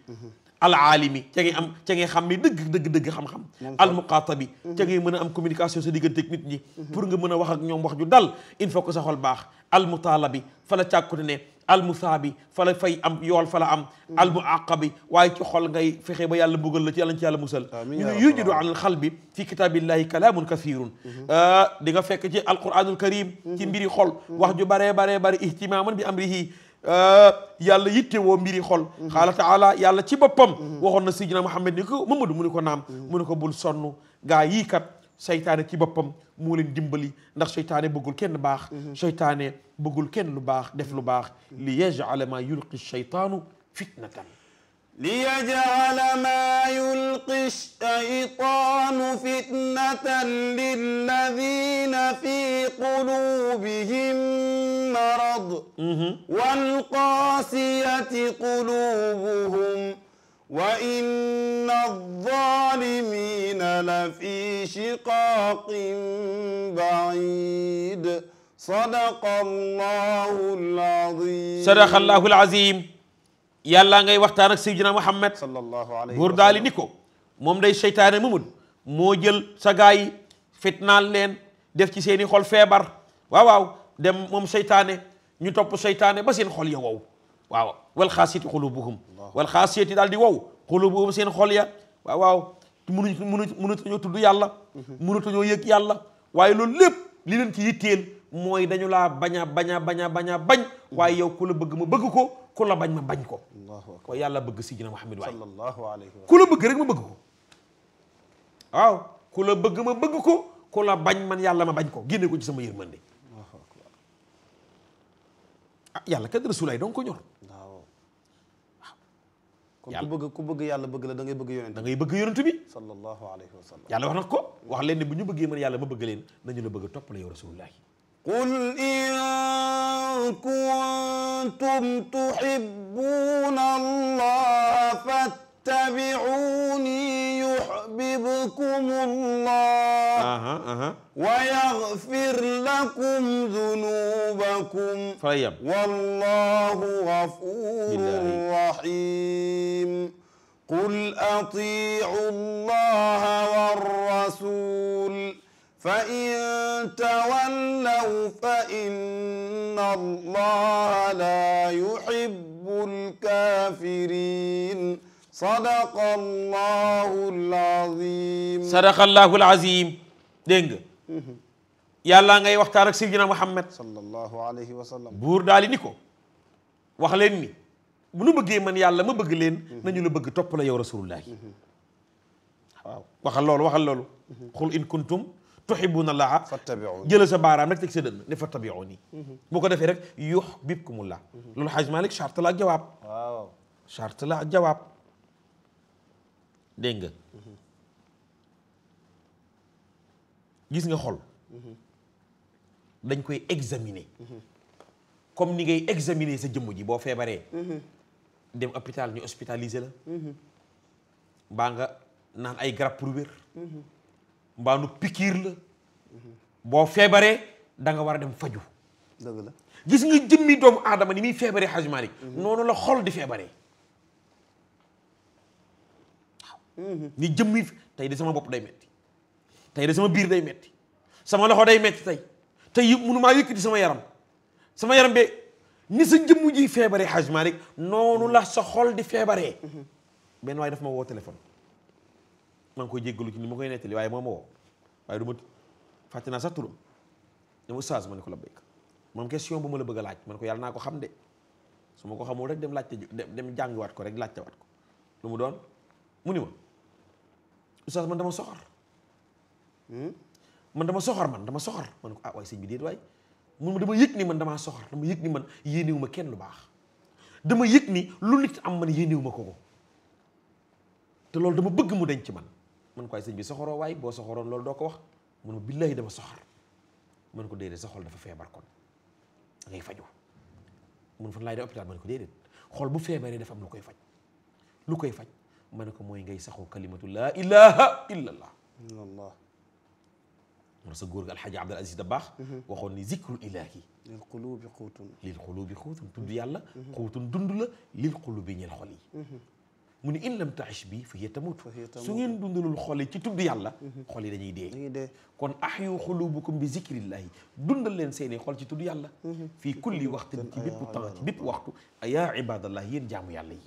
al alimi ca ngay am ca xam ne dëgg dëgg dëgg xam-xam al muqaatabi ca ngay mën a am communication sa diggante ak nit ñi mhm. pour nga mën a wax ak ñoom wax ju dal il faut que sa xol baax al mutaalabi fa la càkkute ne almusaabi fa la fay am yool fa la am mm. almuaqabi waaye ci xol ngay fexe ba yàlla mbugal la ci yàlla ci yàlla musal ñu ne yujudu an al xalbi fi kitaabillahi kalaamun kasirun mm-hmm. ah, di nga fekk ci alquranul karim ci mm-hmm. mbiri xol mm-hmm. wax ju baree bare bari ihtimaaman bi amrihi ah, yàlla yitte woo mbiri xol xaala taala yàlla ci boppam waxoon na sidina Muhammad ni ko Mamadou mu ni ko naam mu ni ko bul sonn gaa yii kat seytaane ci boppam moo leen dimbali ndax seytaane bëggul kenn baax mhm. seytaane bëggul kenn lu baax def lu baax mhm. li yajala ma yulqi seytaanu fitnatan li yajala ma yulqi seytaanu fitnatan lilladina fi qulubihim marad walqaasiyati qulubuhum وإن الظالمين لفي شقاق بعيد صدق الله العظيم صدق الله العظيم ngay waxtaan ak Seydina Muhammad sallallahu alayhi buur daali ni ko moom day seytaane mamud moo jël sa gaay yi fitnaal leen def ci seeni xol feebar waaw waaw dem moom seytaane ñu topp seytaane ba seen xol ya wow waaw wal xaasiyati xulubuhum wal xaasiyati daal di wow xulubuhum seen xol ya waaw waaw munuñ munuñ mënatuñoo tudd yàlla mënatuñoo mhm. yëg yàlla waaye loolu lépp li leen ci yitteel mooy dañu laa bañ a baña a bañ bañ mhm. waaye yow ku la bëgg ma bëgg ko ku la bañ ma bañ ko yàlla bëgg sidina Muhammad waaye ku la bëgg rek ma bëgg ko waaw ku bëgg ma bëgg ko ku bañ man yàlla ma bañ ko génne ko ci sama yërmande ah yàlla kat ko ñor kon ku bëgg ku bëgg yàlla bëgg la da ngay bëgg yonent da ngay bëgg yonent bi sallallahu alayhi wa sallam yàlla wax na ko wax leen ne bu ñu bëggee man yàlla ma bëgg leen nañu la bëgg topp la yow rasulullahi qul in kuntum tuhibbuna allah fattabi'uni yuhibbukum allah ويغفر لكم ذنوبكم فيم. والله غفور رحيم قل أطيعوا الله والرسول فإن تولوا فإن الله لا يحب الكافرين صدق الله العظيم صدق الله العظيم dégg nga yàlla ngay waxtaan ak Seydina Muhammad sallallahu wa sallam buur daali ni ko wax leen ni bu nu bëggee man yàlla ma bëgg leen nañu la bëgg topp la yow rasulullahi waaw waxal loolu waxal loolu qul in kuntum tuhibbuna allaha fattabi'uni jëla sa baaraam rek teg sa dënn ne fattabi'uni boo ko defee rek yuhbibkumullah xaaj Malik charte la ak jawaab waaw charte la ak jawaab dégg gis nga xol dañ koy examiner comme ni ngay examiner sa jëmm ji boo feebaree dem hôpital ñu hospitaliser la mbaa nga naan ay garab pour wér mbaa nu pikiir la boo feebaree danga war a dem faju dëgg la gis nga jëmmi doomu aadama ni muy feebaree Hajj Malik mhm. noonu la xol di feebaree waaw ni jëmmi tey di sama bopp day metti tey de sama biir day metti sama loxo day metti tey tey yëpp mënu maa yëkkati sama yaram sama yaram be ni sa jëmm ji feebaree Hajj Malick noonu la sa xol di feebare benn waaye daf ma woo téléphone maa ngi koy jéggalu ci ni ma koy nettali waaye moo ma woo waaye du ma fàtte naa sax turam ma ne ko la béyk moom bu ma la bëgg laaj ma ne ko yàlla naa ko xam de su ko xamul rek dem laajte dem ko rek laajtewaat ko lu mu doon mu ni ma Oustaz man dama soxor Hmm? man dama soxor man dama soxor man ko ah waay sëñ bi déet waay mun ma dama yëg ni man damaa soxor dama yëg ni man yéenewu ma kenn lu baax dama yëg ni lu nit am man yéenewu ma ko ko te loolu dama bëgg mu denc man man ko waay sëñ bi soxoroo waaye boo soxoroon loolu doo ko wax mun ma billaahi dama soxor man ko déedéet sa xol dafa feebar kon da ngay faju mun fan laay de hôpital man ko déedéet xol bu feebaree dafa am lu koy faj lu koy faj ma ne ko mooy ngay saxoo kalimatu laa ilaha moom sa góor gi alxaaji abdul aziz dabaax mhm. waxoon ni zikrul ilaahi lil xulubi xuutun lil xulubi xuutun tudd yàlla xuutun dund la lil xulubi ñeel xol yi mhm. mu ni in lam taxish bi fa hiya tamut su ngeen dundalul xol yi ci tudd yàlla mhm. xol yi dañuy dee kon ahyu xulubukum bi zikrillahi dundal leen seeni xol ci tudd yàlla fii kulli waxtin ci bépp temps ci bépp waxtu yaa ibadallah yéen jaamu yàlla yi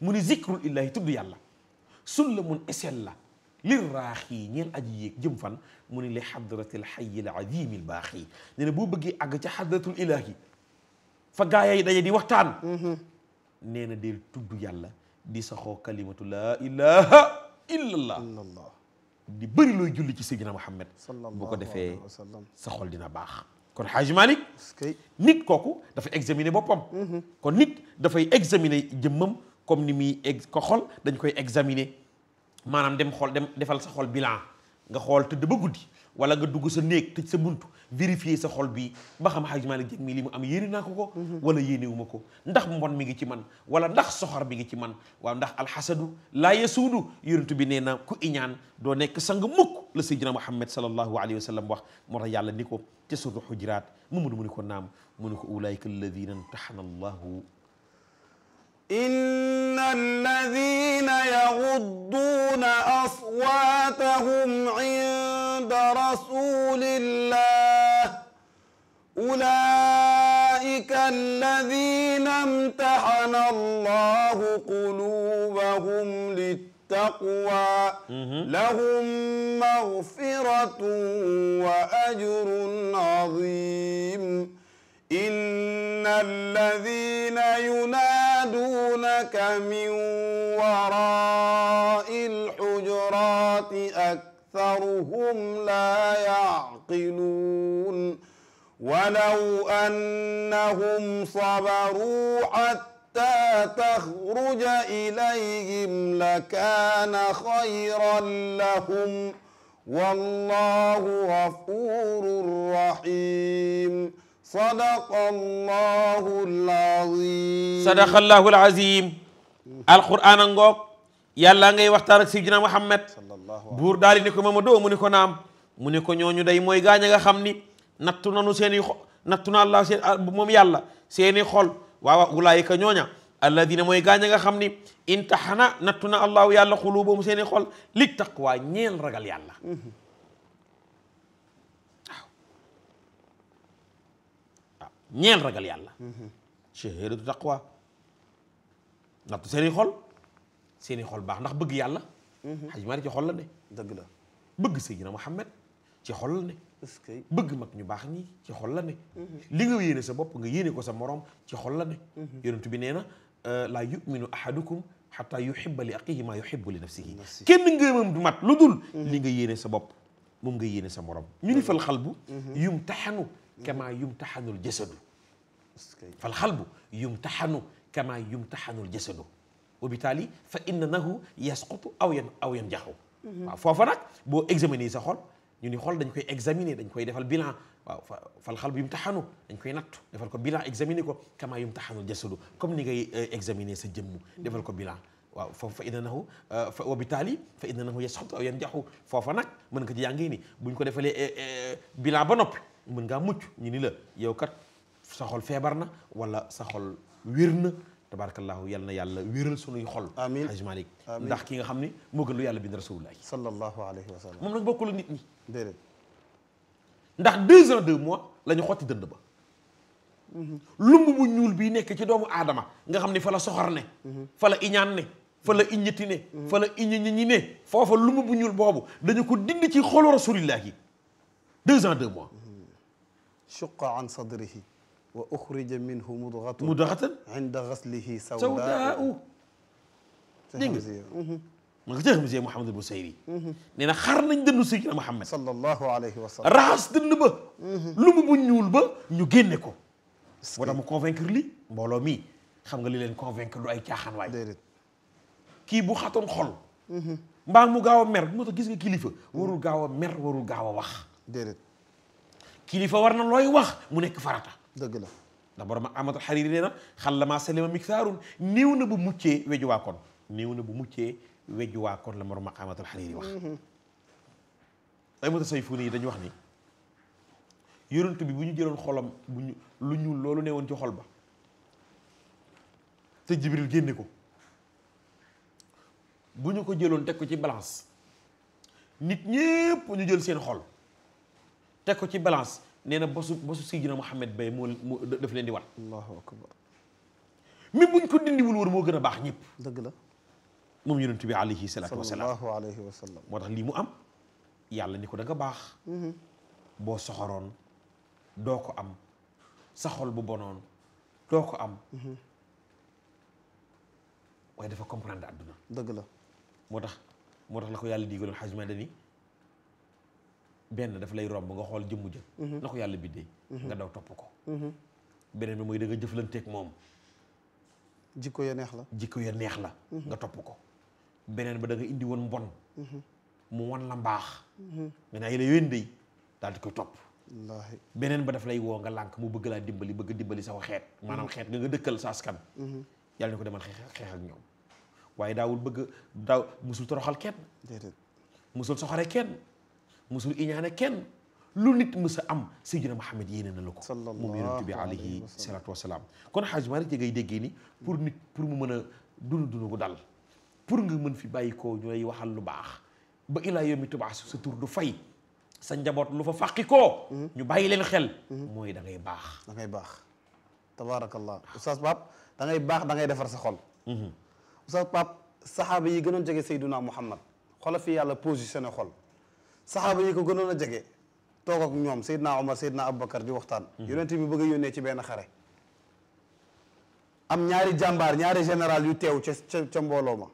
mu ni zikrul ilaahi tudd yàlla sulla mun esel la lir raax yi ñeel aji yéeg jëm fan mu ne li xadratil xayil azimil baax yi ne boo bëggee àgg ca xadratul ilaahi fa gaaya yi daje di waxtaan mm-hmm. nee na del tudd yàlla di saxoo kalimatu laa ilaha illallah di bëri looy julli ci sayyidina Muhammad boo ko defee sa xol dina baax kon Haji Malick nit kooku dafa examiner boppam mm-hmm. kon nit dafay examiner jëmmam comme ni muy ko xol dañ koy examiner maanaam dem xool dem defal sa xol bilan nga xool tëdd ba guddi wala nga dugg sa néeg tëj sa bunt vérifier sa xol bi ba xam maa Malick Dieng mii li mu am yéene naa ko ko mhm. wala yéenewu ma ko ndax mbon mi ngi ci man wala ndax soxor mi ngi ci man waaw ndax alxasadu laa yasuudu yonent bi nee na ku iñaan doo nekk sang mukk la sayyidina Muhammad sallallahu alayhi wa sallam wax moo tax yàlla ni ko ca surtu xujuraat mu mu ni ko naam mu ni ko ulaayika alladina imtaxana allahu إن الذين يغضون أصواتهم عند رسول الله أولئك الذين امتحن الله قلوبهم للتقوى لهم مغفرة وأجر عظيم إن الذين ينادون ينادونك من وراء الحجرات أكثرهم لا يعقلون ولو أنهم صبروا حتى تخرج إليهم لكان خيرا لهم والله غفور رحيم sadaqallahul azim sadaqallahul azim alquran a ngoog yàlla ngay waxtaan ak sidina Muhammad buur daal di ne ko Mamadou mu ne ko naam mu ne ko ñooñu day mooy gaañ a nga xam ni nattu nanu seen i xol nattu na allah moom yàlla seeni i xol waaw ulaayika ñooña alladina mooy gaañ a nga xam ni intaxana nattu na allahu yàlla xuluubahum seen i xol li taqwa ñeel ragal yàlla mm-hmm. ñeel ragal yàlla shahadatu taqwa nattu seen i xol seen i xol baax ndax bëgg yàlla xaj mhm. maari ci xool la ne dëgg la bëgg Seydina Muhammad ci xol la ne bëgg mag ñu baax ñi ci xool la ne mhm. li nga yéene sa bopp nga yéene ko sa morom ci xool la ne mhm. yonent bi nee na euh, laa yuminu ahadukum xataa yuhibba li aqihi maa yuhibbu li nafsihi kenn ngëmam du mat lu dul li nga yéene sa bopp moom nga yéene sa morom ñu lifal xal bu yum taxanu kamaa yumtaxanul jasadu fal xalbu yumtaxanu kamaa yumtaxanul jasadu wa bitaali fa innahu yasqutu aw yan aw yan jaxu waaw foofa nag boo examiner sa xol ñu ni xol dañ koy examiner dañ koy defal bilan waaw fal xalbu yumtaxanu dañ koy nattu defal ko bilan examiner ko kamaa yumtaxanul jasadu comme ni ngay euh, examiner sa jëmm mhm. defal ko bilan waaw foofu fa innahu euh, wa bitaali fa innahu yasqutu aw yan jaxu foofa nag mën nga ci jàngee ni buñ ko defalee euh, bilan ba noppi mën ngaa mucc ñu ni la yow kat sa xol feebar na wala sa xol wér na tabarakallahu yal na yàlla wéral sunuy xol amiin Hajj Malick ndax ki nga xam ni moo gën lu yàlla bind rasulullah sallallahu alayhi wa sallam moom nag bokkul nit ñi déedéet ndax deux ans deux mois la xotti dënd ba mm-hmm. lumb bu ñuul bii nekk ci doomu aadama nga xam ni fa la soxor ne mm-hmm. fa la iñaan ne fa la iññiti ne mm-hmm. fa la iññi ñi ne foofa lumb bu ñuul boobu dañu ko dind ci xol rasulillah yi deux ans deux mois shuqa an sadrihi wa uxrija minhu mudgatan mudgatan inda gaslihi sawdaau dégg nga ma nga cee monsieur Mouhamadul Busayri nee na xar nañ dënnu Seydina Mouhamed. sallallahu alayhi wa sallam raxas dënn ba. lu mu bu ñuul ba ñu génne ko. est mu convaincre li mbooloo mii xam nga li leen convaincre lu ay caaxaan waay. déedéet kii bu xatoon xol. mbaa mu gaaw a mer moo tax gis nga kilifa warul gaaw a mer warul gaaw a wax. déedéet. kilifa war na looy wax mu nekk farata. dëgg la ndax borom Ahmadul Hariri nee na xal la ma salima miktaarun néew na bu muccee weju waa kon néew na bu muccee weju waa kon la borom Ahmadul Hariri wax. Mhm. ay mata say fuuni yi dañu wax ni yonent bi bu ñu jëloon xolam bu ñu ñuul loolu ne woon ci xol ba te Jibril génne ko bu ñu ko jëloon teg ko ci balance nit ñépp ñu jël seen xol. teg ko ci balance nee na bosu bosu Seydina Mouhamed Baye moo moo daf leen di war. allahu akbar mi ko dindiwul woon moo gën a baax ñëpp. dëgg la moom yonent bi alayhi salaatu wa salaam. sallallahu alayhi wa sallam. moo tax lii mu am yàlla ni ko da nga baax. Mm-hmm. boo soxoroon doo ko am sa xol bu bonoon doo ko am. Mm-hmm. waaye dafa comprendre àdduna. dëgg la moo tax moo tax la ko yàlla digaloon xajma dani benn daf lay romb nga xool jëmmu jë na ko yàlla biddee nga daw topp ko beneen bi mooy da nga jëflanteeg moom jikko ya neex la jikko ya neex la nga topp ko beneen ba da nga indi woon mbon mu won la mbaax nga naa yëla yéen day daal di koy topp beneen ba daf lay woo nga lànk mu bëgg laa dimbali bëgg dimbali saw xeet maanaam xeet nga nga dëkkal saaskan askan yàlla ni ko demal xeex ak ñoom waaye daawul bëgg daaw musul toroxal kenn déedéet soxore kenn musul iñaane kenn lu nit mu sa am Seydina Muhammad yéene na la ko moom yonent bi alayhi salaatu wasalaam kon Hajj Maalik ngay déggee ni pour nit pour mu mën a dund dund ko dal pour nga mën fi bàyyi koo ñu lay waxal lu baax ba ilaa yawmi tubaas sa tur du fay sa njaboot lu fa fàqi ko ñu bàyyi leen xel mooy da ngay baax da ngay baax tabaarakallah oustaz Pape da ngay baax da ngay defar sa xol mhm. oustaz Pape saxaaba yi gënoon jege Seydina Muhammad xola fi yàlla positionné xol saxaaba yi ko gënoon a jege toog ak ñoom Seydina Omar Seydina Aboubacar di waxtaan. Hmm. yonent bi bëgg a yónnee ci benn xare. am ñaari jàmbaar ñaari général yu teew ca ca ca mbooloo ma.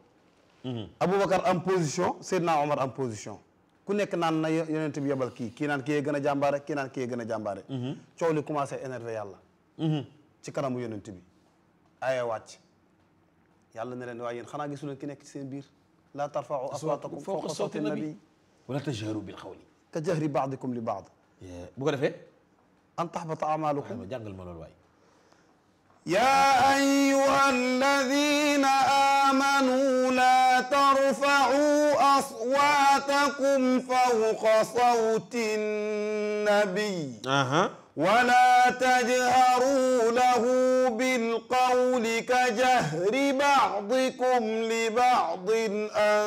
Hmm. Aboubacar am position Seydina Omar am position. ku nekk naan na yonent bi yebal kii kii naan kii yee gën a jàmbaare kii naan kii yee gën a jàmbaare hmm. coow li commencé yàlla ci kanamu yonent bi aaya yàlla ne leen waaye xanaa gisu leen ki nekk ci seen biir laa tarfa'u aswaatakum fawqa sawti nabi wala tajharu bil xawli ka jahri baadikum li baad bu ko defee an taxbata amaalukum jàngal ma loolu waay يا أيها الذين آمنوا لا ترفعوا أصواتكم فوق صوت النبي. أها. ولا تجهروا له بالقول كجهر بعضكم لبعض أن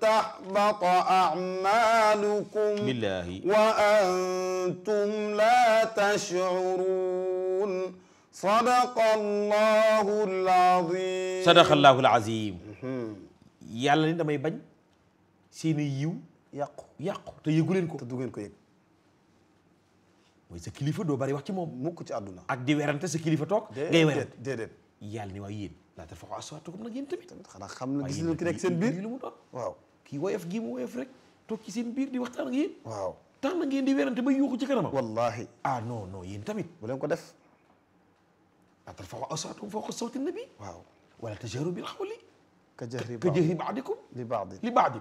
تحبط أعمالكم بالله وأنتم لا تشعرون صدق الله العظيم صدق الله العظيم yàlla ni damay bañ seeni yiw yàqu yàqu te yëgu leen ko te du ngeen ko yëg mooy sa kilifa doo bari wax ci moom mukk ci àdduna ak di werante sa kilifa toog ngay werante déedéet yàlla ni waaye yéen laa tarfa'u aswaatakum nag yéen tamit xanaa xam na gis na ki nekk seen biir lu mu doon waaw kii woyof gii mu woyof rek biir di waxtaan ak yéen waaw tax na ngeen di werante ba yuuxu ci kanamam wallahi ah non non yéen tamit bu leen ko def laa tarfa'u a fawqa sawti nabi waaw wala tajharu bil qawli ka jahri ba'dikum li ba'di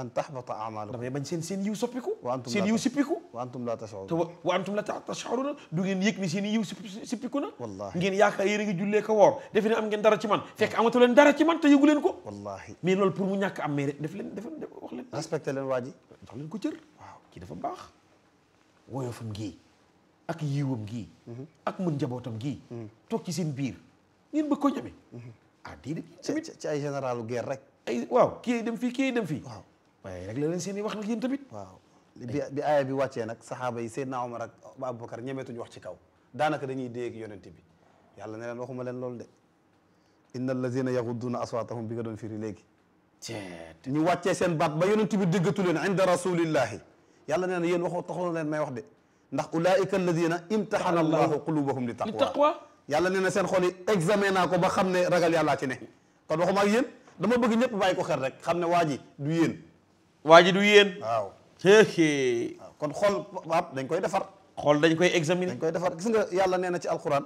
an tahbata a'maalukum damay bañ seen seen yiw soppiku. wa antum seen yiw sippiku. wa antum laa tash'uruun te wa antum laa tash'uruun du ngeen yëg ni seen yiw sippiku na. wallaahi ngeen yaakaar yéen a ngi jullee ko woor defe ne am ngeen dara ci man fekk amatu leen dara ci man te yëgu leen ko. wallaahi mais loolu pour mu ñàkk am mais rek def leen def wax leen. respecté leen waa ji. jox leen ko cër waaw kii dafa baax. woyofam gii ak yiwam gii. Mhm. ak mën njabootam gii. Mhm. toog ci seen biir ngeen bëgg ko ñeme. Mhm. ah déedéet ci ay généralu guerre rek ay waaw kii dem fii kii dem fii waaw waaye rek la seen i wax nag yéen tamit waaw bi bi aaya bi wàccee nag saxaaba yi Seydina Omar ak Aboubacar ñemeetuñ wax ci kaw daanaka dañuy déeg yonent bi yàlla ne leen waxuma leen loolu de inna allazina yaxudduuna aswaatahum bi nga doon firi léegi ñu wàccee baat ba yonent bi déggatu leen inda rasulillahi yàlla nee na yéen waxoo taxoon leen may wax de ndax ulaika alladina imtaxana allahu qulubahum li taqwa yàlla nee na seen xol yi examen naa ko ba xam ne ragal yàllaa ci ne kon waxuma ak yéen dama bëgg ñëpp bàyyi ko xel rek xam ne waa ji du yéen waa ji du yéen. waaw xeexee. kon xool baab dañ koy defar. xool dañ koy examiner. dañ koy defar gis nga yàlla nee na ci alxuraan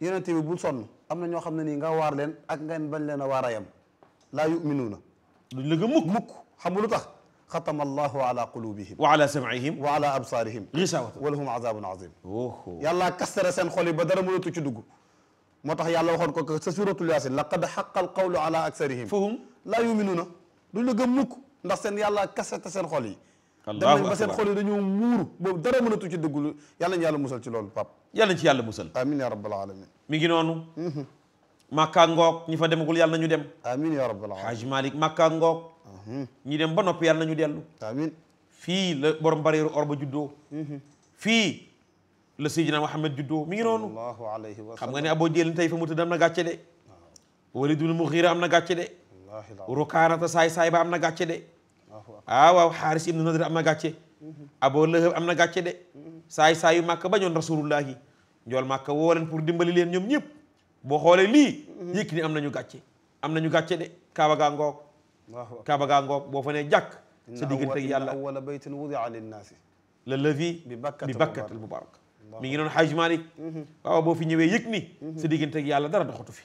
yonent bi bul sonn am na ñoo xam ne nii nga waar leen ak ngeen bañ leen a waara yam laa yuminuuna. duñ la gëm mukk mukk xam lu tax. xatama allahu ala qulubihim wa ala sam'ihim wa ala absaarihim ghishaawatun wa lahum azaabun aziim yàlla kastere seen xol yi ba dara mënatu ci dugg moo tax yàlla waxoon ko que sa suratul yaasin laqad xaqa alqawlu ala aksarihim fahum laa yuminuuna duñ la gëm ndax seen yàlla kase te seen xol yi dem nañ ba seen xol yi dañoo muur boobu dara mënatu ci dëggul yàlla ñu musal ci loolu pap yàlla ci yàlla musal amin ya rabbal alamin mi ngi noonu mhm. ngoog ñi fa demagul yàlla nañu dem amin ya rabbal alamin Haji Malick màkkaa ngoog mhm. ñi dem ba noppi yàlla nañu dellu amin fii la borom bareeru or ba juddoo mhm. fii la Seydina Muhammad juddoo mi ngi noonu xam nga ne aboo jëlin tey fa mu tëdd na gàcce de Walidul Mughira am na gàcce de Rukaanata saay saay ba am na gàcce ah waaw xaaris ibnu nadr am na gàcce aboo lahab am na gàcce de saay saay yu màkk bañoon rasulullahi njool màkk woo pour dimbali leen ñoom ñëpp boo xoolee lii yëkk ni am nañu gàcce am nañu gàcce de kaaba gaa ngoog kaaba gaa ngoog boo fa ne jàkk sa diggante ak yàlla awwala baytin wudia linnaasi la lavi bi bakkat al mubarak mi ngi noon xaaj malik waaw boo fi ñëwee yëg ni sa diggante yàlla dara doxatu fi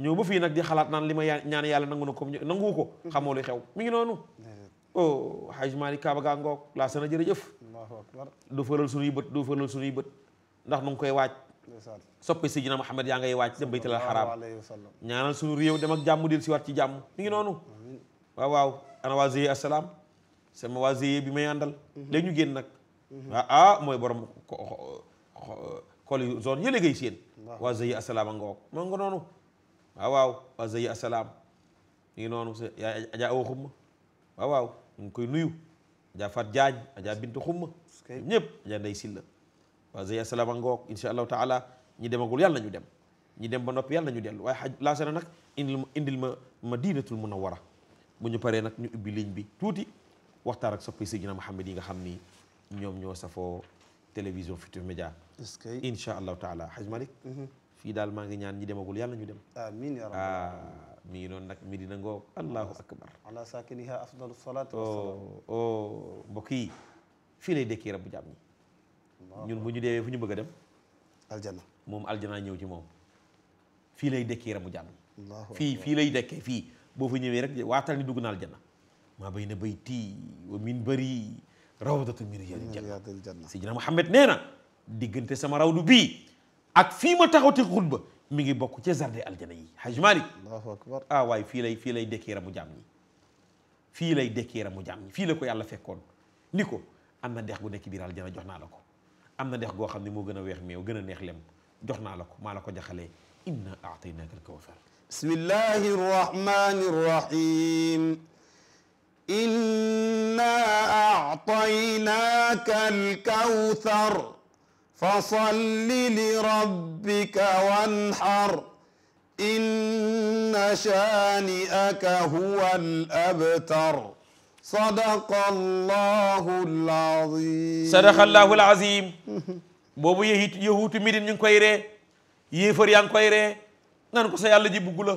ñëw ba fii nag di xalaat naan li ma ñaan yàlla nangu na ko nangu ko mhm. xamoo lu xew mi ngi noonu oh Hadj Malick Kaaba gaa ngoog laa sana jërëjëf du fëlal sunuy bët du fëlal sunuy bët ndax nu koy waaj soppe Sidina Muhammad yaa ngay waaj dem baytal xaraam ñaanal sunu réew dem ak del si waat ci jàmm mi ngi noonu waaw waaw waa Zéyé asalaam sama bi may àndal léegi mooy borom koli zone yële ngoog moo nga noonu waaw waaw waa ngi noonu waaw mu ngi koy nuyu Adja Fat Diagne Adja Bintu Xumma ñëpp Adja Ndey Silla waaw Zeya Salama ngoog insha allahu taala ñu demagul yàlla nañu dem ñu dem ba noppi yàlla ñu dellu waaye xaj laasana nag indil ma indil ma madinatul munawwara bu ñu paree nag ñu ubbi ligne bi tuuti waxtaan ak soppi Seydina Muhammad yi nga xam ni ñoom ñoo safoo télévision Futurs Médias insha allahu taala Haj Malick mhm. fii daal maa ngi ñaan ñi demagul yàlla ñu dem amiin yaa mi ngi noonu nag Medina ngoog allahu akbar ala sakiniha afdalu salatu oh, oh, fii lay dëkkee rabbu jaam ñi ñun bu ñu deewee fu ñu bëgg a dem aljana moom aljana ñëw ci moom fii lay dëkkee rabbu jaam fii fii lay dekke fii boo fa ñëwee rek waatal ni dugg na aljana maa bay na bay tii wa min bëri rawdatu min riyaadil janna sidina Muhammad nee na diggante sama rawdu bii ak fii ma taxaw te xutba mi ngi bokk ca jardin aljana yi haj malik allahu akbar ah waaye fii lay fii lay dekkee ramu jaam ñi fii lay dekkee ramu jaam ñi fii la ko yàlla fekkoon ni ko am na dex gu nekk biir aljana jox naa la ko am na dex goo xam ne moo gën a weex meew gën a neex lem jox naa la ko maa la ko jaxalee inna aataynaka alkawthar bismillahi arrahmani فصل لربك وانحر إن شانئك هو الأبتر صدق الله العظيم صدق الله العظيم boobu yahit yahuutu midin ñu ngi koy ree yéefar yaa ngi koy ree naan ko sa yàlla ji buggu la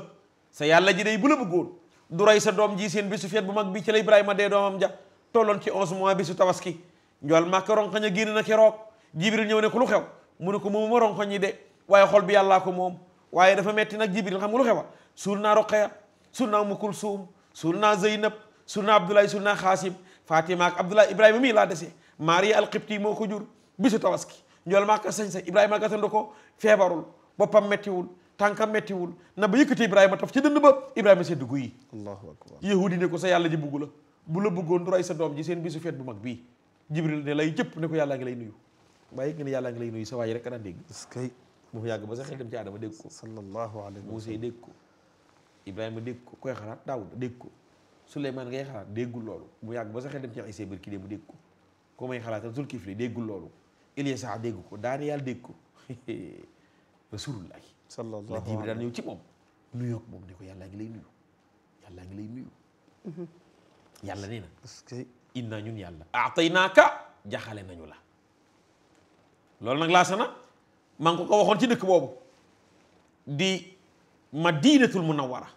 sa yàlla ji day bu la bëggoon du rey sa doom ji seen bisu feet bu mag bi ci la Ibrahima dee doomam ja tolloon ci onze mois bisu tabaski njool màkk ronkañ a génn na keroog jibril ñëw ne ko lu xew mu ne ko moom ma ronko ñi de waaye xol bi yàllaa ko moom waaye dafa metti nag jibril xam nga lu xewa suul naa roqaya suul naa umu kulsuum suul naa zeynab suul naa abdoulaye suul naa xaasim fatima ak abdoulaye ibrahima mii laa dese maria alqibti moo ko jur bisu tabaski njool maa ko sañsa ibrahima gàttandu ko feebarul boppam mettiwul tànkam mettiwul na ba yëkkati ibrahima taf ci dënd ba ibrahima seddu gu yi allahu akbar yahudi ne ko sa yàlla ji bugg la bu la bëggoon du sa doom ji seen bisu feet bu mag bii jibril ne lay jëpp ne ko yàllaa lay nuyu bàyyi nga ne yàlla ngi lay nuyu sa waay rek daan dégg. est-ce que mu yàgg ba sa xel dem ci Adama dégg ko. sallallahu alayhi wa sallam dégg ko. dégg ko koy xalaat Daawud dégg ko Souleymane ngay xalaat déggul loolu mu yàgg ba sa xel dem ci Isaa bërki dee mu dégg ko ko may xalaatal Zulkifli déggul loolu Ilyasa dégg ko Daaniyal dégg ko Rasulullah sallallahu alayhi wa sallam Jibril daan ñëw ci moom nuyoog moom ne ko yàlla ngi lay nuyu yàlla ngi lay nuyu mhm. yàlla nee na inna ñun yàlla aataynaaka jaxale nañu la loolu nag laasana na ngi ko ko waxoon ci dëkk boobu di madinatul wara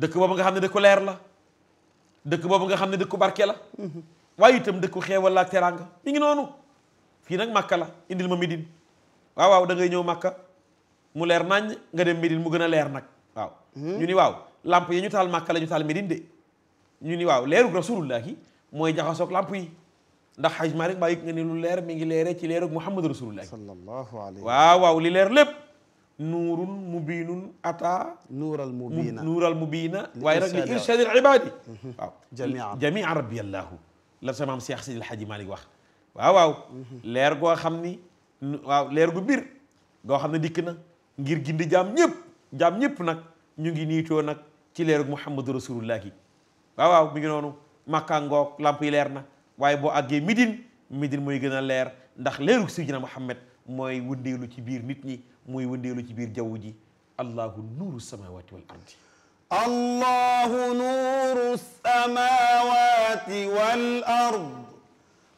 dëkk boobu nga xam ne dëkku leer la dëkk boobu nga xam ne dëkku barke la waaye itam dëkku xeewal la ak teraanga mi ngi noonu fii nag màkka la indil ma midin waaw waaw da ñëw màkka mu leer nañ nga dem midin mu gën a leer nag waaw hmm? ñu ni waaw lamp yi ñu taal màkka la ñu taal waaw leeru rasulullahi mooy jaxasoog lamp yi ndax xaj Malik bàyyi nga ne lu leer mi ngi leeree ci leerug Muhammad Rasulullah sallallahu alayhi waaw waaw li leer lépp nuurun mubiinun ata nuural mubiina nuural mubiina waaye nag li irshadil ibaadi waaw jamian jamian rabbi allahu la sama maam Cheikh Sidil Xaji Malik leer goo xam ni waaw leer gu bir goo xam ne dikk na ngir gindi jaam ñëpp jaam ñëpp nag ñu ngi niitoo nag ci leerug Muhammadu Rasulullah gi waaw waaw mi ngi noonu Makka ngoog lamp yi leer na waaye boo àggee midin midin mooy gën a leer ndax leeru Sayyidina Muhammad mooy wëndeelu ci biir nit ñi mooy wëndeelu ci biir jaww ji allahu nuuru samawati wal ardi allahu nuuru samawati wal ard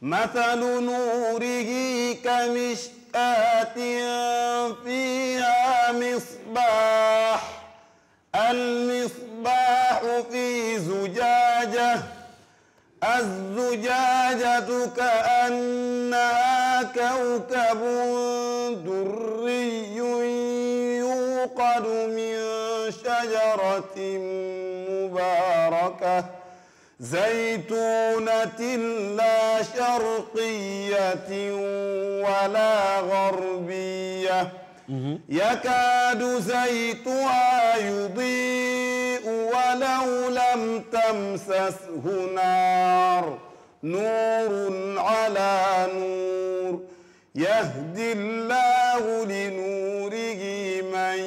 mathalu nuurihi kamishkaatin fiha misbaax almisbaaxu fi zujaaj الزجاجة كأنها كوكب دري يوقد من شجرة مباركة زيتونة لا شرقية ولا غربية يكاد زيتها يضيء ولو لم تمسسه نار نور على نور يهدي الله لنوره من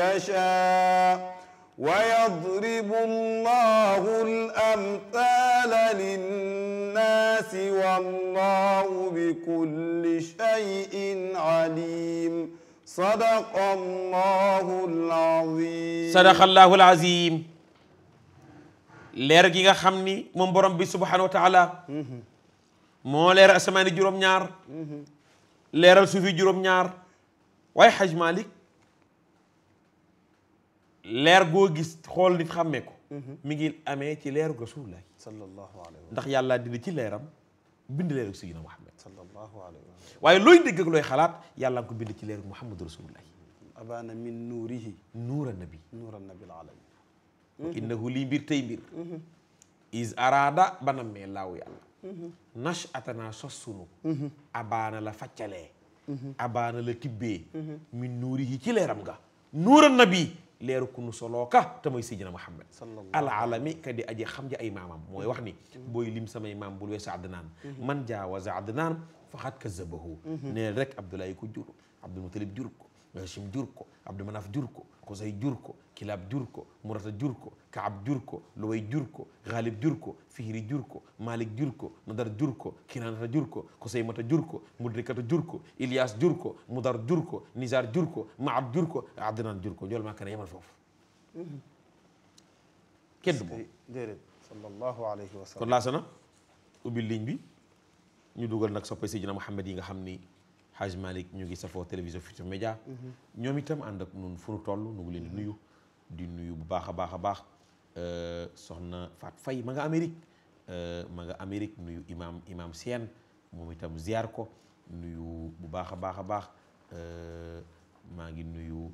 يشاء ويضرب الله الأمثال للناس والله بكل شيء عليم sadaqallahul azim leer gi nga xam ni moom borom bi subhanahu wa leer asamaani juróom-ñaar leeral suufi juróom-ñaar waaye xaj malik leer goo gis xool nit xàmmee ko mi ngi amee ci leeru rasulullah sallallahu alayhi ndax yàlla dina ci leeram bind leeru sayyidina Muhammad waaye looy dégg looy xalaat yàlla nga ko bind ci leeru Muhammadu Rasulullah abaana min nuurihi nuura nabi nuura nabi alamin innahu lii abaana la faccalee abaana la tibbee min nuurihi ci leeram ga nuura nabi leeru ku nu soloo ka te Muhammad alalami ka aje xam ja ay maamam mooy wax ni booy lim maam bul weesu Adnaan mhm. man jaawaza Adnaan faxat kazabahu nee rek Abdoulaye ko jur Abdul Mutalib jur ko Hashim jur ko Abdou Manaf jur ko Xusay jur ko Kilaab jur ko Murata jur ko Kaab jur ko Luway jur ko Xaalib jur ko Fihri jur ko Malik jur ko Nadar jur ko Kinaanata jur ko Xusaymata jur ko Mudrikata jur ko Ilyas jur ko Mudar jur ko Nizar jur ko Maab jur ko Adnaan jur ko jool maa kana yemal foofu kenn du moom déedéet sallallahu alayhi wa sallam kon laasana ubbi ligne bi ñu dugal nag soppay Seydina Mouhamed yi nga xam ni Hadj Malick ñu ngi safoo télévision Futurs Médias ñoom itam ànd ak nun fu nu toll nu ngi leen di mhm. nuyu di nuyu bu baax a baax a baax euh, soxna Fat Faye ma nga Amérique euh, ma nga Amérique nuyu imam imam Sène moom itam ko nuyu bu baax a baax a baax euh, maa ngi nuyu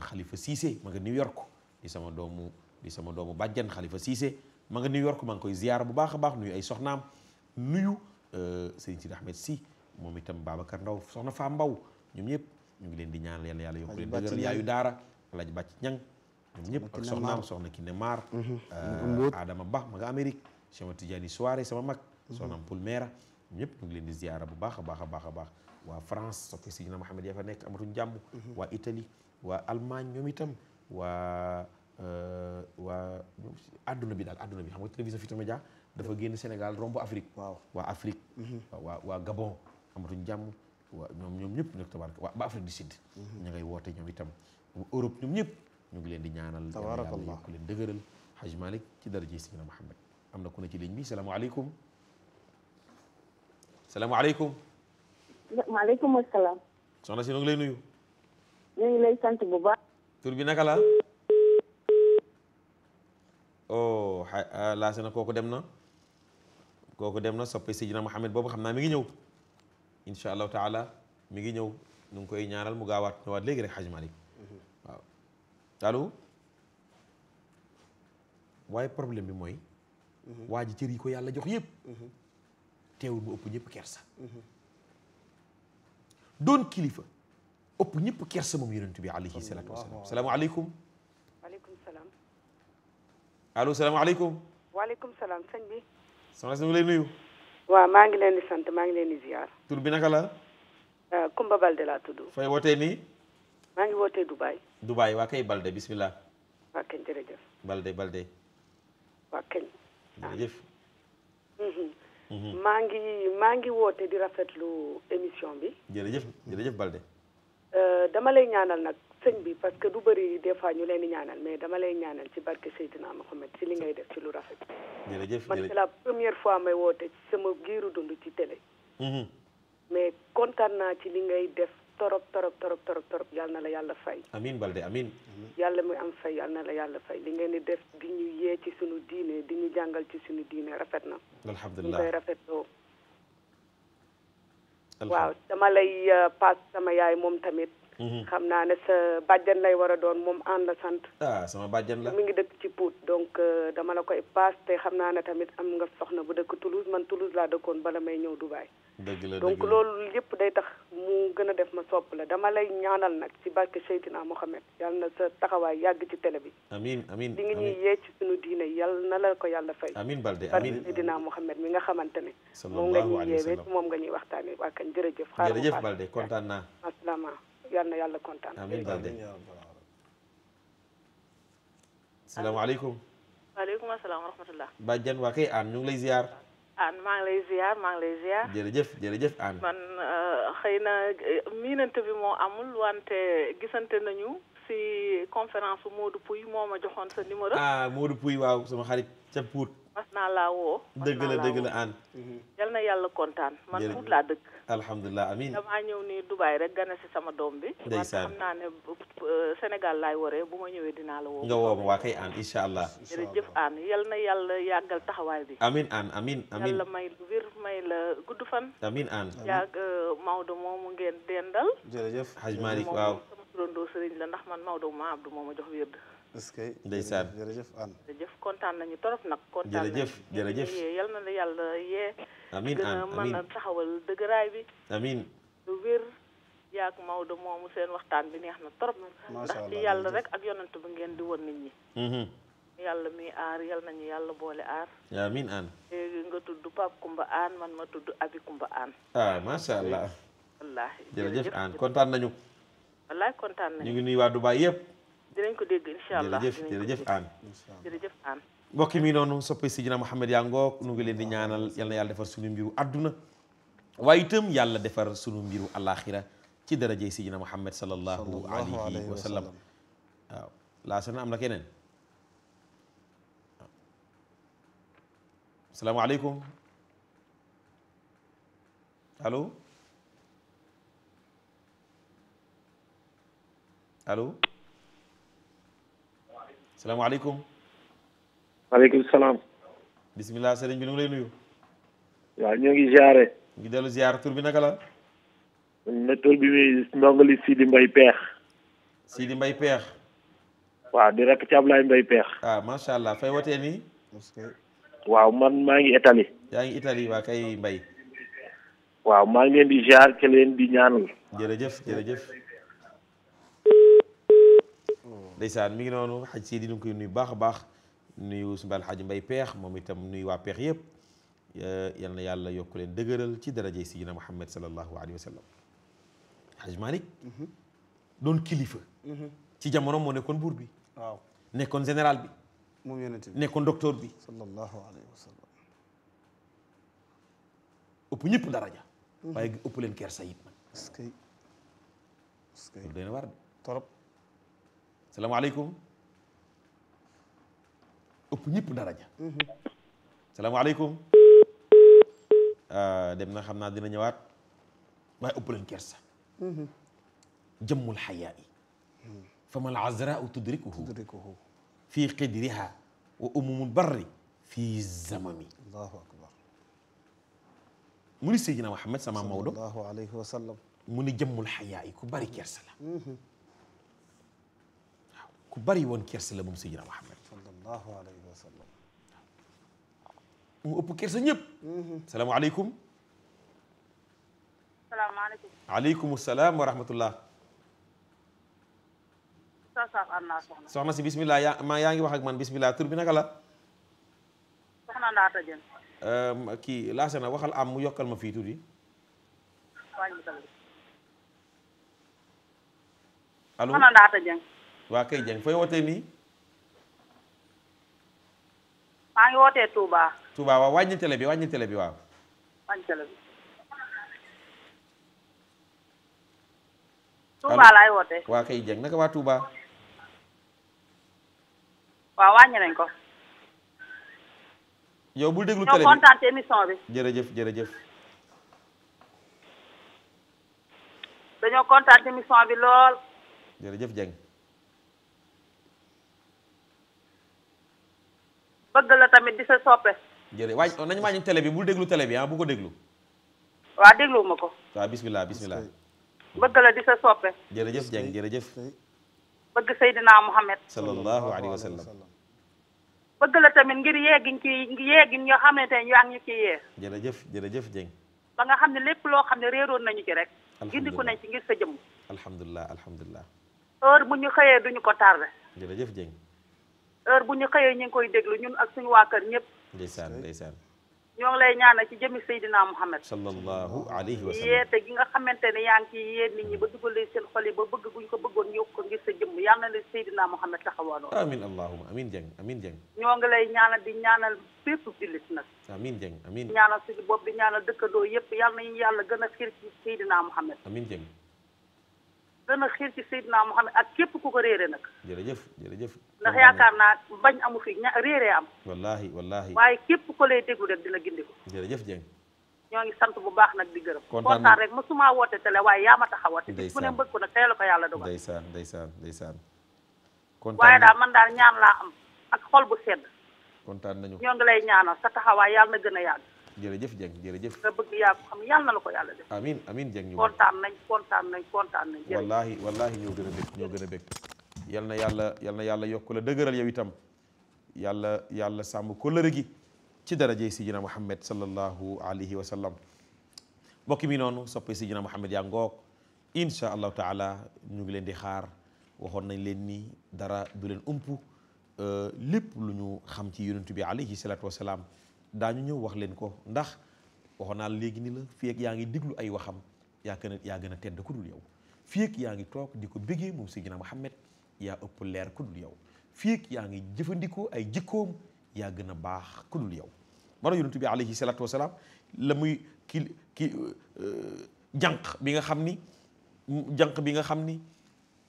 Khalifa Cissé ma nga New York di sama doomu di sama doomu bàjjan Khalifa Cissé ma nga New York ma ngi koy ziar bu baax a baax nuyu ay soxnaam nuyu Euh, sëriñ Sidi Ahmed si moom itam Babacar Ndaw soxna Faa Mbaw ñoom ñëpp ñu ngi leen di ñaan yàlla yàlla yokku leen dëgëral yaayu daara alaaj bàcc ñang ñoom ñëpp ak soxnaam soxna ki ne maar Adama Ba ma nga Amérique Cheikh Tidiane Soare sama mag mhm. soxnaam Poul Mera ñëpp ñu ngi leen di ziyaara bu baax a baax a baax a baax waa France soppi Sidina Mohamed ya fa nekk amatuñ jàmm mhm. waa Italie waa Allemagne ñoom itam waa euh, waa àdduna bi daal àdduna bi xam nga télévision Futurs jaa dafa génn Sénégal romb Afrique. waaw waa Afrique. Mhm. waa Gabon amatuñ jàmm. waa ñoom ñoom ñëpp nag tabaraka waa ba Afrique du Sud. Mhm. ñu woote ñoom itam. Europe ñoom ñëpp ñu ngi leen di ñaanal. tabarakallah yàlla yokk ci daraja Seydina Muhammad am na ku ne ci ligne bi salaamaaleykum. salaamaaleykum. maaleykum salaam. soxna si ñu lay nuyu. ñu ngi lay sant bu baax. tur bi naka la. Oh, ah, laase na kooku dem na. kooku dem na soppi Sidina Muhammad boobu xam naa mi ngi ñëw incha allahu taala mi ngi ñëw nu ngi koy ñaanal mu gaawaat ñëwaat léegi rek Hajj Malick waaw waaye problème bi mooy waa ji cër yi yàlla jox yëpp teewul mu ëpp ñëpp kersa doon kilifa ëpp ñëpp kersa moom yonent bi alayhi salaatu wasalaam salaamaaleykum aleykum salaam allo salaamaaleykum waaleykum salaam sëñ bi soxna si ñu lay nuyu. waaw maa ngi leen di sant maa ngi leen di ziar. tur bi naka la. Euh, Kumba Balde laa tudd. fay wootee nii. maa ngi wootee Dubaay. Dubaay waa kay Balde bismillah. waa kañ jërëjëf. Balde Balde. waa kañ. jërëjëf. Mhm. Mhm. maa ngi maa ngi woote di rafetlu émission bi. jërëjëf jërëjëf Balde. Euh, dama lay ñaanal nag sëñ bi parce que du bëri des fois ñu leen di ñaanal mais dama lay ñaanal ci barke Seydina Mohamed ci li ngay def ci lu rafet. man c'est la première fois may woote sama giiru dundu ci télé. Mm-hmm. mais kontaan naa ci li ngay def torop torop torop torop torop yal na la yàlla fay. amiin Balde amiin. yàlla muy am fay yal na la yàlla fay li ngeen di def di ñu yee ci suñu diine di ñu jàngal ci suñu diine rafet na. alhamdulilah ñu koy rafetloo. waaw dama lay euh, paas sama yaay moom tamit. Mhm. xam naa ne sa bàjjan lay war a doon moom ànd la sant. ah sama mi ngi dëkk ci Pout. donc euh, dama la koy paas te xam naa ne tamit am nga soxna bu dëkk Toulouse man Toulouse laa dëkkoon bala may ñëw Dubaay. dëgg donc loolu yëpp day tax mu gën a def ma sopp la dama lay ñaanal nag ci barke Seydina Mohamed yal na sa taxawaay yàgg ci tele bi. amiin amiin di nga ñuy yee ci sunu diine yal na la ko yàlla fay. amiin Balde amiin barke Seydina Mohamed mi nga xamante ne. moom nga ñuy yeewee moom nga ñuy waxtaanee waa kañ jërëjëf. xaaral yal na yàlla kontaan. amiin salaamaaleykum. waaleykum salaam wa rahmatullah. Badiane waa kay aan ñu ngi lay ziar. an maa ngi lay ziar maa ngi lay ziar. jërëjëf jërëjëf an man euh, xëy na euh, miinante bi moo amul wante gisante nañu si conférence bu Modou Pouy moo ma joxoon sa numéro. ah Modou Pouy waaw sama xarit ca Pout. mas naa laa woo. dëgg la dëgg la an yal na yàlla kontaan. man tuut laa dëkk. alhamdulilah amiin damaa ñëw ni Dubaay rek gane si sama doom bi. ndeysaan xam naa ne euh, Sénégal laay waree bu ma ñëwee dinaa la woo. nga woo ma waa kay an incha allah. jërëjëf an yal na yàlla yàggal taxawaay bi. amiin an amiin amiin yàlla may wir may la gudd fan. amiin an yàgg euh, Maodo moomu ngeen dendal. jërëjëf Haj Malick waaw. sama turandoo sëriñ la ndax man Maodo ma Abdou moo ma est-ce que ndeysaan jërëjëf an kontaan nañu torop nag kontaan jërëjëf jërëjëf yal na la yàlla yee amiin bi amiin lu Maodo moomu seen waxtaan bi neex na torop ndax ci yàlla rek ak yonent bi ngeen di won nit mm-hmm. yàlla mi aar yal nañu yàlla boole aar nga tudd Pape Kumba Aan man ma tudd Abi Kumba Aan ah, macha allah wallaahi jërëjëf an kontaan nañu wallaay kontaan nañu ñu ngi nuyu waa Dubaay yëpp dinañ ko dégg incha allah aan jërëjëf aan mi noonu soppi Sidina Mouhamed yaa ngoog nu ngi leen di ñaanal yal na yàlla defar sunu mbiru adduna waaye itam yàlla defar sunu mbiru alaxira ci darajey Sidina Mouhamed sallallahu alayhi wa sallam waaw laa sana am na keneen waaw asalaamaaleykum salaamaaleykum. maaleykum salaam. bisimilah sëriñ bi nu ngi lay nuyu. waaw ñoo ngi ziare. ñu ngi dellu ziar tur bi naka la. na tur bi muy ndongali Sidi Mbaye Peex. Sidi Mbaye Peex. waaw di rek ci Ablaye Mbaye Peex. ah macha allah fay wootee nii. waaw man maa ngi Italie. yaa ngi Italie waa kay Mbaye. waaw maa ngi leen di ziar ci leen di ñaanal. jërëjëf jërëjëf. ndeysaan mi ngi noonu xaj sii di ñu koy nuyu baax a baax nuyu suñu baal xaj mbay peex moom itam nuyu waa peex yëpp yal na yàlla yokk leen dëgëral ci darajay sayyidina Muhammad sallallahu alayhi wa sallam xaj Malick mm-hmm. doon mm-hmm. jamono moo nekkoon buur bi waaw nekkoon général bi moom yonent nekkoon docteur bi sallallahu alayhi ñëpp daraja mm-hmm. waaye ëpp leen kersa yit nag salaamaaleykum ëpp ñëpp daraja mm-hmm. salaamaaleykum ah, dem na xam naa dina ñëwaat waaye ëpp leen kersa mm-hmm. jëmmul xayaa yi mm-hmm. famal azraau tudrikuhu fii qidriha wa umumul barri fii zamami allahu akbar mu ni Seydina Muhammad sama Maodo sallallahu alayhi wa sallam mu ni jëmmul xayaa yi ku bari kersa la bari woon kersa la moom Seydina Muhammad mu ëpp kersa ñëpp mm-hmm. salaamaaleykum aleykum salaam wa rahmatullah saaf am bismillah yaa ma ngi wax ak man bi soxna Ndaata Dieng kii laase na waxal am mu yokkal ma fii soxna Ndaata Dieng waa kay Diagne fooy wootee nii. maa ngi wootee Touba. Touba waaw wàññi télé bi wàññi télé bi waaw. wàññi télé bi. Touba laay wootee. waa kay Diagne naka waa Touba. waaw wàññi nañ ko. yow bul déglu télé bi ñoo kontaan ci émission bi. jërëjëf jërëjëf. kontaan bi lool. jërëjëf Dieng. bëgg la tamit di sa soppe. jërëjëf waaj nañu wàññi télé bi bul déglu télé bi ah bu ko déglu. waaw dégluwuma ko. waaw bismillah bismillah. bëgg la di sa soppe. jërëjëf Dieng jërëjëf. bëgg Seydina Mohamed. sallallahu alayhi wa sallam. bëgg la tamit ngir yeegin ci yeegin ñoo xam ne tey ñu ak ñu ciy yee. jërëjëf jërëjëf Dieng. ba nga xam ne lépp loo xam ne réeroon nañu ci rek. gindiku nañ ci ngir sa jëmm. alhamdulilah alhamdulilah. heure ñu xëyee duñu ko tardé. heure bu ñu xëyee ñu ngi koy déglu ñun ak suñu waa kër ñëpp. ndeysaan ndeysaan. ñoo ngi lay ñaanal ci jëmi Seydina Muhammad. sallallahu alayhi wa sallam. yeete gi nga xamante ne yaa ngi ciy yee nit ñi ba dugalee seen xol yi ba bëgg bu ko bëggoon yokk ko ngir sa jëmm yal na la Seydina Muhammad taxawaloo. amiin allahumma amiin jàng amiin ñoo ngi lay ñaanal di ñaanal bépp jullit nag. amiin jàng amiin. ñaanal suñu bopp di ñaanal dëkkandoo yëpp yal nañu yàlla gën a xiir ci Seydina Muhammad. gën a xiir ci Seydina Mohamed ak képp ko ko réere nag jërëjëf jërëjëf ndax yaakaar naa bañ amu fi ña réeree am wallahi wallahi waaye képp ko lay déglu rek dina gindi ko jërëjëf Dieng ñoo ngi sant bu baax nag di gërëm kontaan rek mosuma woote télé waaye yaa ma tax a woote ku ne mbëgg ko nag tey la ko yàlla dogal ndeysaan ndeysaan ndeysaan kontaan waaye daal man daal ñaan laa am ak xol bu sedd kontaan nañu ñoo ngi lay ñaanal sa taxawaay yàlla na gën a yàgg jërëjëf Dieng jërëjëf nga bëgg yaa ko xam yàlla na amin amin ñu kontaan nañ wallahi wallahi ñoo gën a bég ñoo gën a bég yal na yàlla yal na yàlla yokku la dëgëral yow itam yàlla yàlla sàmm kóllëre gi ci darajey sidina Muhammad sallallahu alayhi wa sallam mbokk mi noonu soppe sidina Muhammad yaa ngoog incha allahu taala ñu ngi leen di xaar waxoon nañ leen ni dara du leen ump euh, lépp lu ñu xam ci yonent bi alayhi salaatu wasalaam ñu ñëw wax leen ko ndax waxoon naa léegi ni la fii yaa ngi diglu ay waxam yaa gën a yaa gën a tedd ku dul yow fii yaa ngi toog di ko bëggee moom Seydina Muhammad yaa ëpp leer ku dul yow fii yaa ngi jëfandikoo ay jikkoom yaa gën a baax ku dul yow mara yonent bi alayhi salaatu wasalaam la muy ki ki euh, jànq bi nga xam ni jànq bi nga xam ni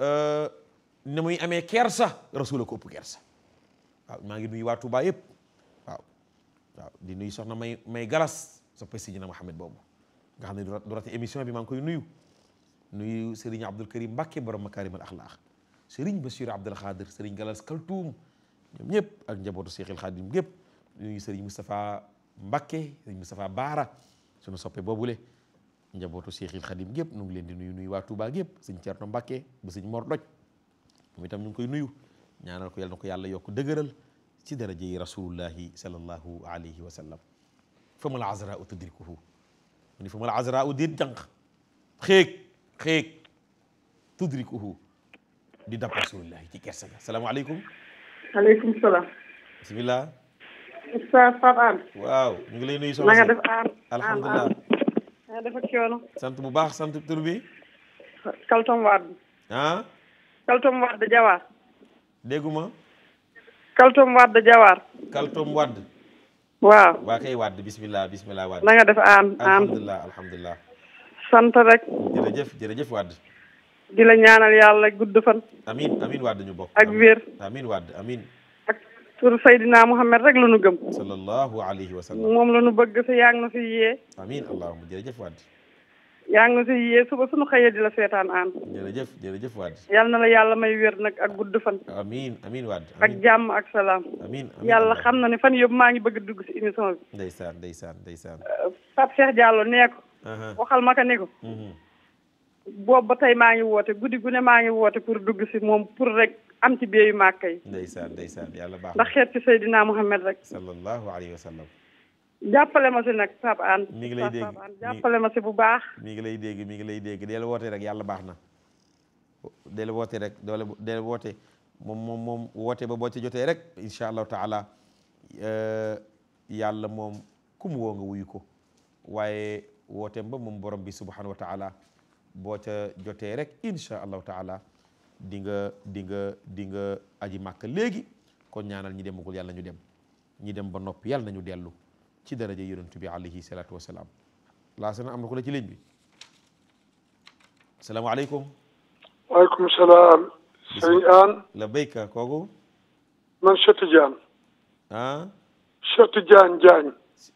euh, ne muy amee kersa rasul a ko ëpp maa ngi nuyu waa Tuubaa yëpp waaw di nuyu soxna may may galas soppe Sidina Mohamed boobu nga xam ne du rate émission bi maa koy nuyu nuyu Serigne Abdoul Karim Mbacke borom makarimal axlaax Serigne Bassirou Abdoul Khadir Serigne Galas Kaltoum ñoom ñëpp ak njabootu Cheikh El Khadim gépp nuyu Serigne Moustapha Mbacke Serigne Moustapha Baara sunu soppe boobule njabootu Cheikh El Khadim gépp nu ngi leen di nuyu nuyu waa Touba gépp sëñ Thierno Mbacke ba sëñ Mor Doj moom itam ñu ngi koy nuyu ñaanal ko yàlla na ko yàlla yokk dëgëral ci daraje yi rasulullahi sallallahu alayhi wa sallam fa mal azraau tudrikuhu mu ni fa mal azraau déet jànq xéeg xéeg tudrikuhu di dab rasulullahi ci kersa ga salaamaaleykum aleykum salaam bismillah sa fat an waaw ñu ngi lay nuyu soxna nga def aan alhamdulilah nga def ak coono sant bu baax sant tur bi kaltom waad ah kaltom waad jawaar dégguma Kaltoum Wade Jawaar. Kaltoum Wade. waaw waa kay Wade bisimilah bisimilah Wade. def aan aan alhamdulilah alhamdulilah. sant rek. jërëjëf jërëjëf Wade. di la ñaanal yàlla gudd fan. amin amin ñu bokk. ak wér amin Wade amin ak tur Seydina Mouhamed rek la nu moom la bëgg sa yaa na fi yee. amin allahumma jërëjëf Wade. yaa ngi si yee suba suñu xëyee di la seetaan aan jërëjëf jërëjëf waat yal na la yàlla may wér nag ak gudd fan amiin amiin Wade ak jàmm ak salaam yàlla xam na ne fan yëpp maa ngi bëgg dugg si émission bi ndeysaan ndeysaan ndeysaan euh, Pape Cheikh Diallo nee ko waxal ma ko ne ko mhm. boobu ba tey maa ngi woote guddi gu ne maa ngi woote pour dugg si moom pour rek am ci béyu màkk yi ndeysaan ndeysaan yàlla baax ndax xeet ci Seydina Mouhamed rek sallallahu alayhi wa sallam jàppale ma si nag Pape Hann. mi ngi lay dégg Pape bu baax. mi ngi lay dégg mi ngi lay dégg del woote rek yàlla baax na. del woote rek doole del woote moom moom moom woote ba boo ci jotee rek incha allahu taala eh, yàlla moom ku mu woo ko waaye wooteem ba moom borom bi subhanahu wa taala boo ca jotee rek incha allahu taala di nga di nga di nga aji màkk léegi kon ñaanal ñi demagul yàlla ñu dem ñi dem ba nopp yàlla nañu dellu. ci daraja yonent bi alayhi salaatu wa salaam laa sana am na ku la ci ligne bi asalaamaaleykum. waaleykum salaam. sëñ Aan. la béykat kooku. man Cheikh Tidiane. ah. Cheikh Tidiane Diagne.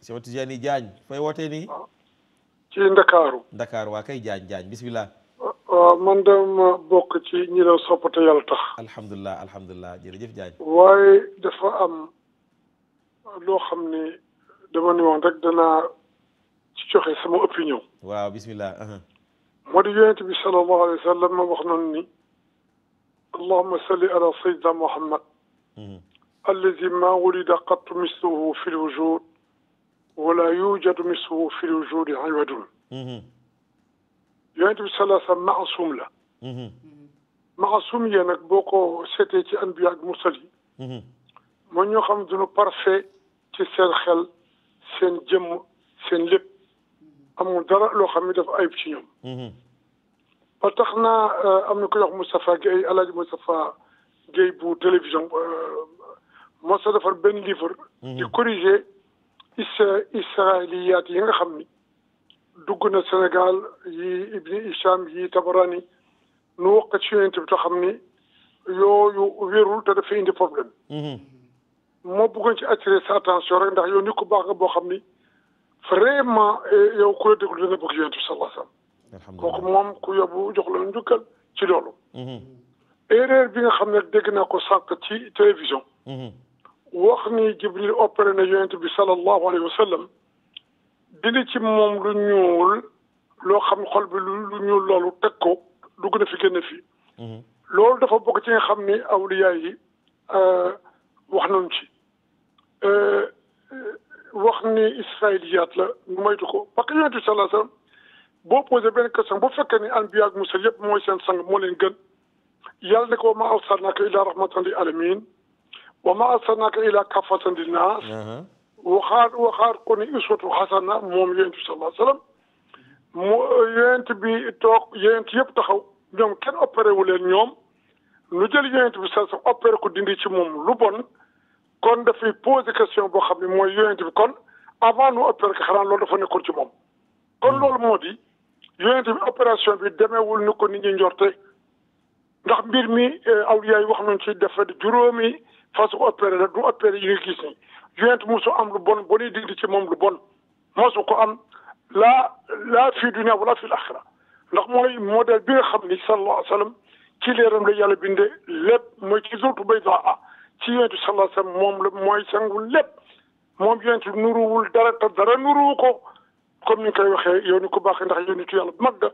Cheikh Tidiane Diagne fay wootee nii. Ah, ci Ndakaaru. Ndakaaru waa kay Diagne Diagne bisimilah. waaw ah, man dama bokk ci ñi la soppate yàlla tax. alhamdulilah alhamdulilah jërëjëf Diagne. waaye dafa am loo xam ne. dama ne woon rek danaa ci joxe sama opinion. waaw bismillah. Uh-huh. moo di yonent bi sallallahu alayhi wa sallam wax noonu ni muhammad uh-huh. alladi ma wulida qattu misluhu fi lwujud wala yujadu misluhu fi lwujud iwadun uh-huh. yonent bi sallallahu alayhi wa sallam maasum la maasum yee nag boo ko ci anbiya ak xam duñu seen xel seen jëmm seen lépp amul dara loo xam ne dafa ayib ci ñoom. Mhm. ba tax naa euh, am na ku ñuy wax Moustapha Guèye El Hadj Moustapha bu télévision euh, moo sa benn livre. Mhm. di corriger israéliyaat yi nga xam ni. dugg na Sénégal yi Ibni Isham yi Tabarani nu wax ko ci yonent bi te xam ni yooyu wérul te dafa indi moo bëggoon ci attirer sa attention rek ndax yow nit ku baax nga boo xam ni vraiment eh, yow ku la déglu dina bëgg yonent bi sallallahu alayhi wasallam kooku ku yóbbu jox la njukkal ci loolu mm-hmm. bi nga xam ne dégg naa ko sànq ci télévision mm-hmm. wax ni Jibril opéré na yonent bi sallallahu alayhi wasallam dindi ci moom lu ñuul loo xam xol bi lu ñuul loolu teg ko dugg na fi génn fi mm-hmm. loolu dafa bokk ci nga xam ni awliya yi euh, wax nañu ci Euh, euh, wax ni israéliyaat la moytu ko parce que yonent bi sallallahu alayhi wa sallam boo posé benn question bu fekkee ni anbiya ak mursal yëpp mooy seen sang moo leen gën yàlla ne ko ma maa arsalnaaka illaa rahmatan lil aalamiin wa maa arsalnaaka illaa kaaffatan lin naas uh-huh. waxaar ko ni uswatu xasana moom yonent bi sallallahu alayhi wa sallam mu yonent bi toog yonent yëpp taxaw ñoom kenn opéré leen ñoom nu jël yonent bi dindi ci moom lu bon kon dafay poser question boo xam ni mooy yonent bi kon avant nous opérer ko xanaa loolu dafa nekkoon ci moom kon loolu moo di yonent bi opération bi demeewul ni ko nit ñi njorte ndax mbir mi euh, awliya yi wax nañ ci dafa di juróomi façon opéré la du opéré yi nga gis ni yonent mosu am lu bon ba nuy dindi ci moom lu bon mosu ko am la laa fii dunya wala fii axira ndax mooy modèle bi nga xam ni sallallahu alayhi wa sallam ci la yàlla binde lépp mooy ci zultu ci yonent sallallahu alayhi wa sallam moom la mooy sangul lépp moom nuru wul dara te dara nuruwu ko comme ni koy waxee yow ni ko baaxee ndax yonentu yàlla bu mag da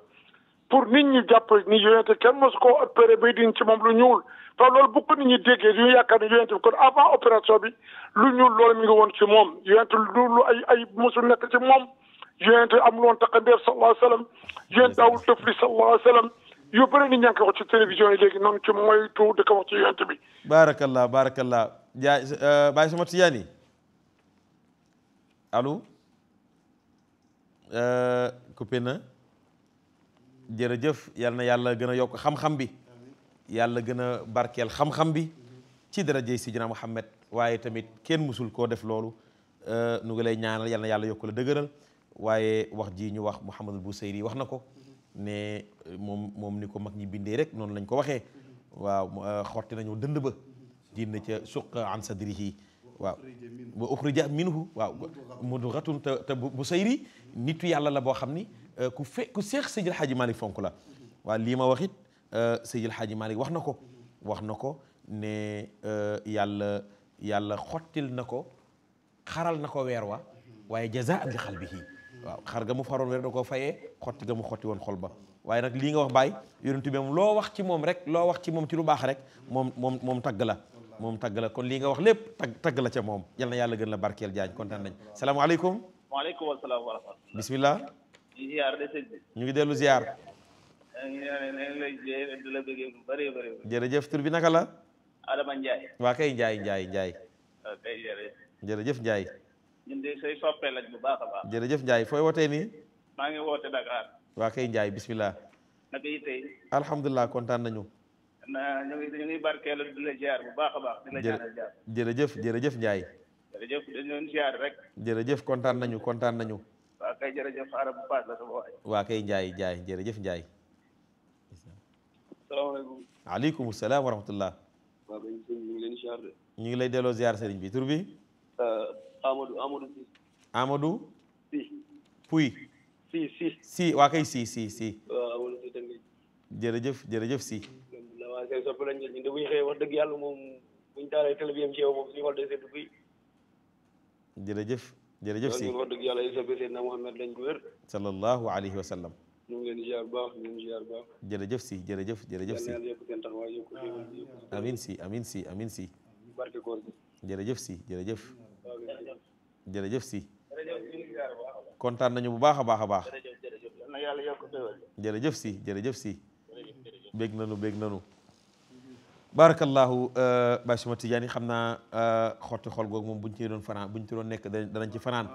pour nit ñi jàpp ni yonent kenn mosu koo opéré bay din ci moom lu ñuul te lool bu ko ñu ñi déggee ñu yaakaar ne yonent bi kon avant opération bi lu ñuul lool mi ngi woon ci moom yonent lu lu ay ay mosul nekk ci moom yonent amul woon taqandeer sallallahu alayhi wa sallam yonent daawul tëfli sallallahu alayhi wa yu bëri nit ñaa ngi ko ci télévision léegi noonu ci moytu da ko wax ci yonent bi. baarakallah baarakallah jaay euh, Baye Sama Tidiane allo euh, coupé na jërëjëf yal na yàlla gën a yokk xam-xam bi yàlla gën a barkeel xam-xam bi ci darajay Sidina Muhammad waaye tamit kenn musul koo def loolu euh, nu ngi lay ñaanal yal na yàlla yokk la dëgëral waaye wax ji ñu wax bu Bousayri wax na ko. ne euh, moom moom ni ko mag ñi bindee rek noonu lañ ko waxe waaw euh, xotti nañu dënd ba dina ca suq an sadrihi waaw wa uxrija minhu waaw mudghatun te te bu sayri nitu yàlla la boo xam ni euh, ku fe ku seex Seydil Hadji Malick fonk la waaw lii ma wax it Seydil Hadji Malick wax na ko wax na ko ne yàlla yàlla xottil na ko xaral na ko weer wa waaye jazaan li xalbihi waaw xar ga mu faroon rek da koo fayee xotti ga mu xotti woon xol ba waaye nag lii nga wax baay yonentu bi moom loo wax ci moom rek loo wax ci moom ci lu baax rek moom moom moom tagg la moom la kon lii nga wax lépp tagg tagg la ca moom yal na yàlla gën la barkeel jaañ kontaan nañ salaamaaleykum waaleykum salaam wa rahmatulah bismillah ziar de ñu ngi dellu ziar jërëjëf bi naka la Adama Ndiaye waa kay njaay Ndiaye Ndiaye jërëjëf Ndiaye jërëjëf Ndiaye fooy wootee nii. maa kontaan nañu. na jërëjëf jërëjëf jërëjëf kontaan nañu kontaan nañu. waa kay jërëjëf arab bu paas la sama waay. waa kay Ndiaye Ndiaye jërëjëf Ndiaye. salaamaaleykum. waaleykum salaam ñu ngi lay delloo ziar sëriñ bi tur euh, amadu Amadou Si. Amadou. Si. si si. si si si si. waaw Si tamit. jërëjëf si. waaw kay soppi dëgg yàlla moom bu ñu taalee télé bi yem ci si wax dëgg yàlla isa bi Seydina Muhammad lañ ko wér. sallallahu si jërëjëf jërëjëf si. amiin si amiin si jërëjëf si. kontaan nañu bu baax a baax a baax. jërëjëf si jërëjëf si. bég nanu bég nanu. barakallahu euh, Baye Suma Tidiane xam naa euh, xotti xol googu moom buñ ci doon fanaan buñ ci doon nekk danañ ci fanaan.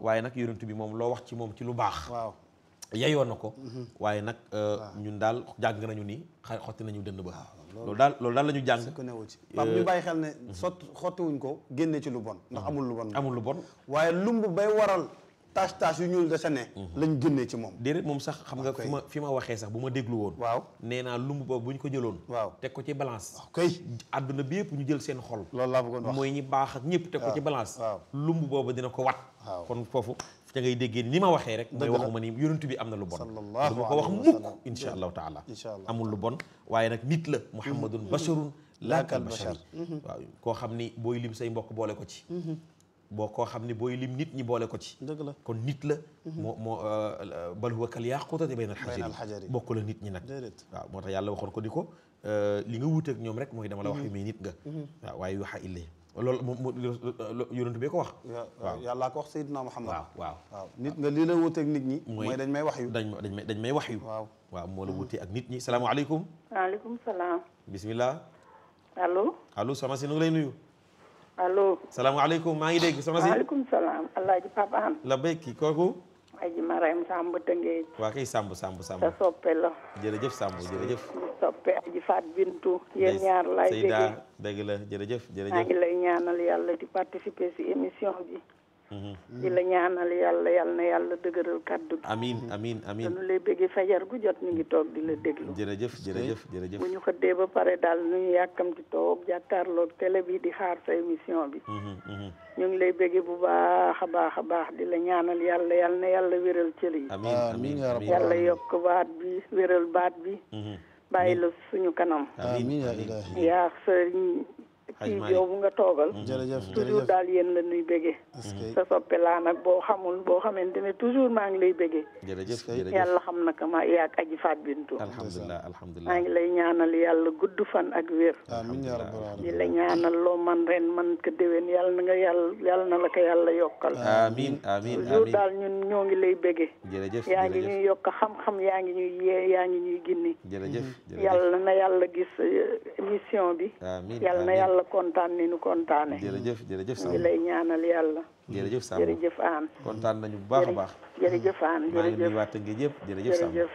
waaye nag yonent bi moom loo wax ci moom ci lu baax. waaw yayoon na ko. Mhm. waaye nag euh, ah. ñun daal jàng nañu ni xotti nañu dënd ba. Ah, loolu daal loolu daal la ñu jàng. Pape ñu euh, bàyyi xel ne mhm. sot xottiwuñ ko génne ci lu bon. ndax mhm. amul lu bon amul lu bon. waaye waral tâche tâche yu ñuul de sa ne. lañ génnee ci moom. déedéet moom sax xam nga fi ma fi ma waxee sax bu ma déglu woon. waaw nee naa lumb boobu bu ñu ko jëloon. waaw teg ko ci balance. kay àdduna bi yëpp ñu jël seen xol. loolu laa bëggoon wax mooy ñi baax ak ñëpp. teg ko ci ah. balance. lumb boobu dina ko wat. kon foofu da ngay déggee ni ma waxee rek mooy waxuma ni yonent bi am na lu bon du ma ko wax mukk insha allah taala amul lu bon waaye nag nit la muhammadun mm-hmm. basharun mm-hmm. laa kal bashar mm-hmm. waaw koo xam ni booy lim say mbokk boole ko ci boo koo xam ni booy lim nit ñi boole ko ci dëgg la kon nit la moo moo euh, bal huwa kal yaqutati bayna alxajari bokk la nit ñi nag waaw moo tax yàlla waxoon ko ni ko euh, li nga wuuteeg ñoom rek mooy dama la wax yu may nit nga waaw waaye waxa illee loolu moom yonent bi ko wax. waaw yàllaa ko wax Seydina Muhammad. waaw waaw waaw nit nga lii la wuuteeg nit ñi. mooy dañ may wax yu dañ may dañ may wax yu. waaw waaw moo la wuutee ak nit ñi salaamaaleykum. waaleykum salaam. bisimilah. allo. allo soxna si nu ngi lay nuyu. allo. salaamaaleykum maa ngi dégg soxna si. waaleykum salaam. alaaji Papa An. la béy kii kooku. aji Marème Samb Tëngéej. waa kay Samb Samb Samb. sa soppe la. jërëjëf Samb jërëjëf. soppe aji Fat Bintu. yéen ñaar laay déggee Seyda dëgg la jërëjëf jërëjëf. maa ngi lay ñaanal yàlla di participer si émission bi. Mm-hmm. di la ñaanal yàlla yàlla na yàlla dëgëral kàddu gi. amiin amiin amiin dañu lay bëgg fajar gu jot ñu ngi toog di la déglu. jërëjëf jërëjëf jërëjëf. bu ñu xëddee ba pare daal nu ñu yàkkamti toog jàkkaarloog télé bi di xaar sa émission bi. Mm-hmm, mm-hmm. ñu ngi lay bëgg bu baax a baax a baax di la ñaanal yàlla yàlla na yàlla wéral cër yi. yàlla yokk baat bi wéral baat bi. bàyyi la suñu kanam. yaa sëriñ kii boobu nga toogal. jërëjëf mm-hmm. jërëjëf toujours daal yéen la nuy bége. sa soppe laa nag boo xamul boo xamante ne toujours maa ngi lay bége. jërëjëf yàlla xam na que ma yaag aji faat bintu. maa ngi lay ñaanal yàlla gudd fan ak wér. amiin yaa ñaanal loo man ren man ko déwén yàlla na yàlla yàlla na la ko yàlla yokkal. toujours daal ñun ñoo ngi lay bége. jërëjëf yaa ngi ñuy yokk xam-xam yaa ngi ñuy yee yaa ngi ñuy ginni. jërëjëf jërëjëf yàlla na gis euh, émission bi. amiin na yàlla yàlla kontaan ni nu kontaane jërëjëf jërëjëf Samb ngi lay ñaanal yàlla jërëjëf Samb kontaan nañu bu baax a baax jërëjëf Aan jërëjëf maa ngi nuyu waa Tëngéej yëpp jërëjëf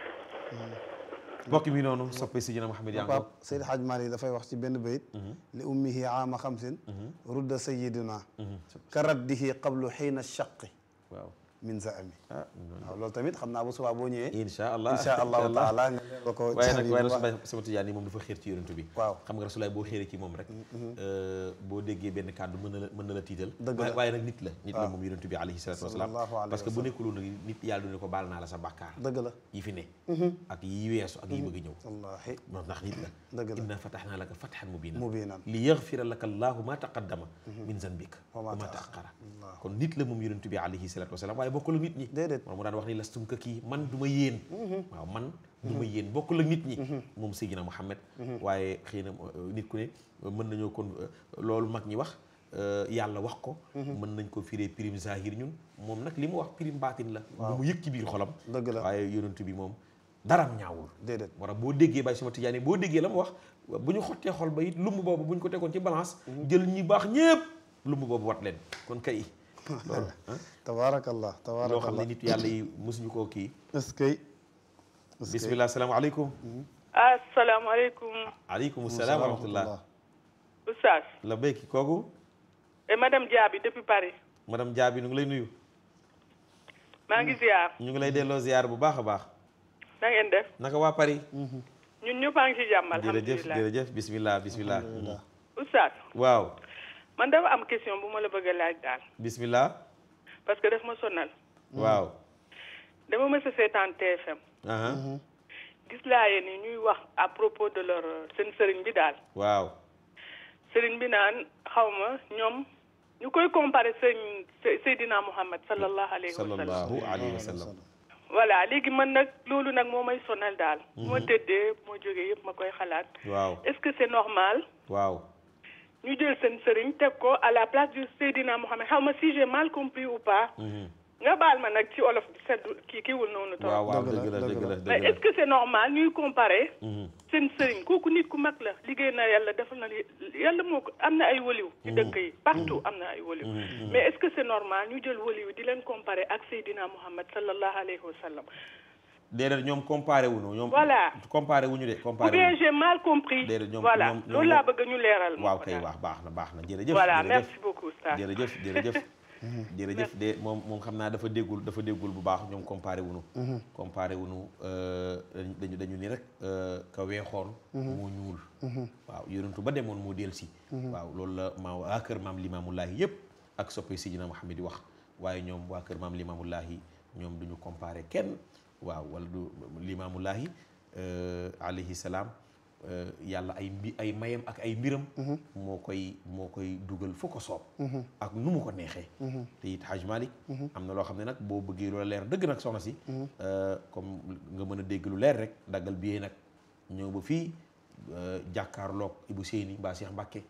mi noonu soppe si jëna Mouhamed Yango Pape Seydi Hadj dafay wax ci benn bayit mhm. li ummihi aama xamsin mhm. rudda sayiduna mhm. karaddihi qablu xiina shaqi waaw min za ami ah, waaw loolu tamit xam naa bu subaa boo ñëwee incha allah incha allahu taala nga leeral ko waaye nag waaye nag sama tijaan yi moom dafa xéer boo xéeree ci moom rek mm-hmm, mm-hmm. Euh, boo déggee benn kàddu mën na la tiital waaye nag nit la nit la moom yonent bi alayhi salatu wasalaam parce que bu nekkuloon nag nit yàlla du ne ko baal naa la sa bàkkaar dëgg la yi fi ne mm-hmm. ak yi weesu ak yi bëgg ñëw wallaahi ndax nit la dëgg la inna fatahnaa laka fathan mubiinan mubiinan li yaghfira laka allahu ma taqaddama min zanbika wa ma taaxara kon nit la moom yonent bi alayhi salatu wasalaam waaye bokkul ak nit ñi déedéet man daan wax ni lastum ka kii man du ma yéen mhm. waaw man du ma yéen bokk ak nit ñi mhm. moom Seydina Muhammad mhm. waaye xëy na euh, nit ku ne euh, mën nañoo kon euh, loolu mag ñi wax yàlla wax ko mën nañ ko fiire prime zahir ñun moom nag li mu wax prime baatin la lu mu yëg ci biir xolam dëgg la waaye yonent bi moom daram ñaawul déedéet war a boo déggee Baye Sima Tidiane boo déggee la mu wax bu ñu xottee xol ba it lumb boobu bu ñu ko tegoon ci balance jël ñi baax ñépp lumb boobu wat leen kon kay loolu tabaarakallah tabaarakallah loo xam ne nit yàlla yi mosuñu koo kii est-ce que est-ce que bismillah salaamaaleykum hmm? asalaamaaleykum hmm, la béyki kooku eh, madame Diaby depuis Paris madame Diaby ñu ngi lay nuyu maa ngi ziar ñu ngi lay delloo ziar bu baax a baax na ngeen def naka waa Paris hmm. ñun ñëpp a ngi ci jàmm alhamdulilah jërëjëf jërëjëf bismillah bismillah oustaz waaw man dafa am question bu ma la bëgg a laaj daal. bismillah. parce que daf ma sonal. Mm-hmm. waaw. dama mës a seetaan TFM. Mm-hmm. gis laa yéen ni ñuy wax à propos de leur euh, seen sëriñ bi daal. waaw. sëriñ bi naan xaw ma ñoom ñu koy comparé sëriñ Seydina Muhammad sallallahu alayhi wa sallam. sallallahu alayhi wa sallam. voilà léegi man nag loolu nag moo may sonal daal. Mm-hmm. moo tëddee moo jógee yëpp ma koy xalaat. waaw est-ce que c'est normal. waaw. ñu jël seen sëriñ teg ko à la place du Seydina Mohamed xaw ma si j'ai mal compris ou pa mhm. nga baal ma nag ci olof bi seddu kii wul noonu. trop waaw waaw dëgg la dëgg la mais est-ce que ñuy comparer. Mhm. seen kooku nit ku mag la liggéey na yàlla defal na yàlla moo ko am na ay waliw. ci mhm. dëkk yi partout am na ay waliw. mais est-ce normal ñu jël waliw di leen comparer ak Seydina Mohamed sallallahu alayhi wa sallam. déedéet ñoom comparé wuñu ñoom. voilà wu ñu de. comparé wuñu ou bien j'ai loolu laa waaw kay waaw baax na baax na jërëjëf. voilà jërëjëf jërëjëf. jërëjëf de moom moom xam naa dafa déggul dafa déggul bu baax ñoom comparer wuñu. comparé wuñu mhm. euh, dañu dañu ni rek euh, ka weexoon. Mhm. moo ñuul. Mhm. waaw yonentu ba dem demoon moo dellusi. waaw loolu la ma waa kër maam Limaamu Laahi yëpp ak soppe Sidina Muhammad di wax waaye ñoom waa kër maam Limaamu Laahi ñoom duñu comparé kenn. waaw wala du limaamulaahi euh, alayhi salaam euh, yàlla ay mbi ay mayam ak ay mbiram mhm. moo koy moo koy dugal fu ko soob mhm. ak nu mu ko neexee mhm. te it Haj Malick am na loo xam ne nag boo bëggee lu la leer dëgg nag soxna si euh, comme nga mën a dégg lu leer rek daggal biyee nag ñëw ba fii jàkkaarloog Ibou Seyni mbaa Cheikh Mbacke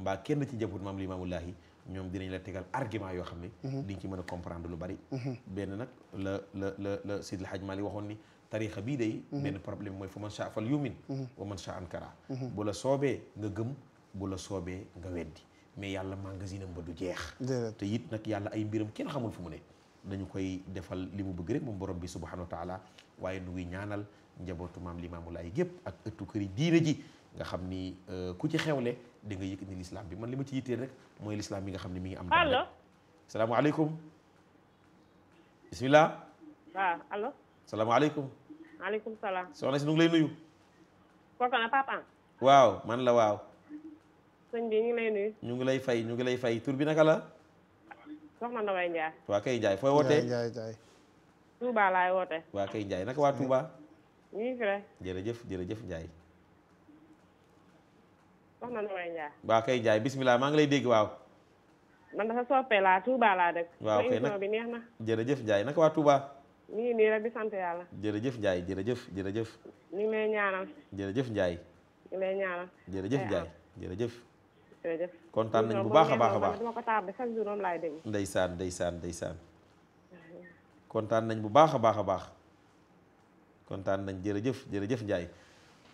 mbaa kenn ci njaboot maam Limaamulaahi ñoom dinañ la tegal argument yoo xam ne mhm. diñ ci mën a comprendre lu bari mhm. benn nag la la la la Seydi El Hadji waxoon ni tarixa bii day mhm. benn problème mooy fa man sha fal yumin wa man sha ankara bu la soobee nga gëm bu la soobee nga weddi mais yàlla magasinam ba du jeex te it nag yàlla ay mbiram kenn xamul fu mu ne dañu koy defal li mu bëgg rek moom borom bi subhanahu wa taala waaye nu ngi ñaanal njabootu maam Limaamu Laay gépp ak ëttu këri diine ji nga xam ni euh, ku ci xewle di nga ni l'islam bi man li ma ci yittee rek mooy l'islam bi nga xam ne mi ngi am. allo salaamaaleykum. bisimilah. waaw allo. salaamaaleykum. maaleykum salaam. na man la waaw. sëñ bi ñu ngi lay fay ñu lay fay tur bi naka la. soxna Ndaway Ndiaye. waa kay Ndiaye fooy wootee Ndiaye Ndiaye. waa kay Ndiaye naka waa Touba. ñu ngi jërëjëf jërëjëf Ndiaye. soxna Noé Ndiaye. kay Ndiaye bisimilah maa ngi lay dégg waaw. man dafa soppee laa Touba laa dëkk. waaw kay nag bi neex na. jërëjëf Ndiaye naka waa Touba. jërëjëf Ndiaye jërëjëf jërëjëf. jërëjëf Ndiaye. jërëjëf Ndiaye jërëjëf. kontaan nañ bu baax a baax a baax duma ko tardé chaque jour moom laay dégg. kontaan nañ bu baax a baax a baax kontaan nañ jërëjëf jërëjëf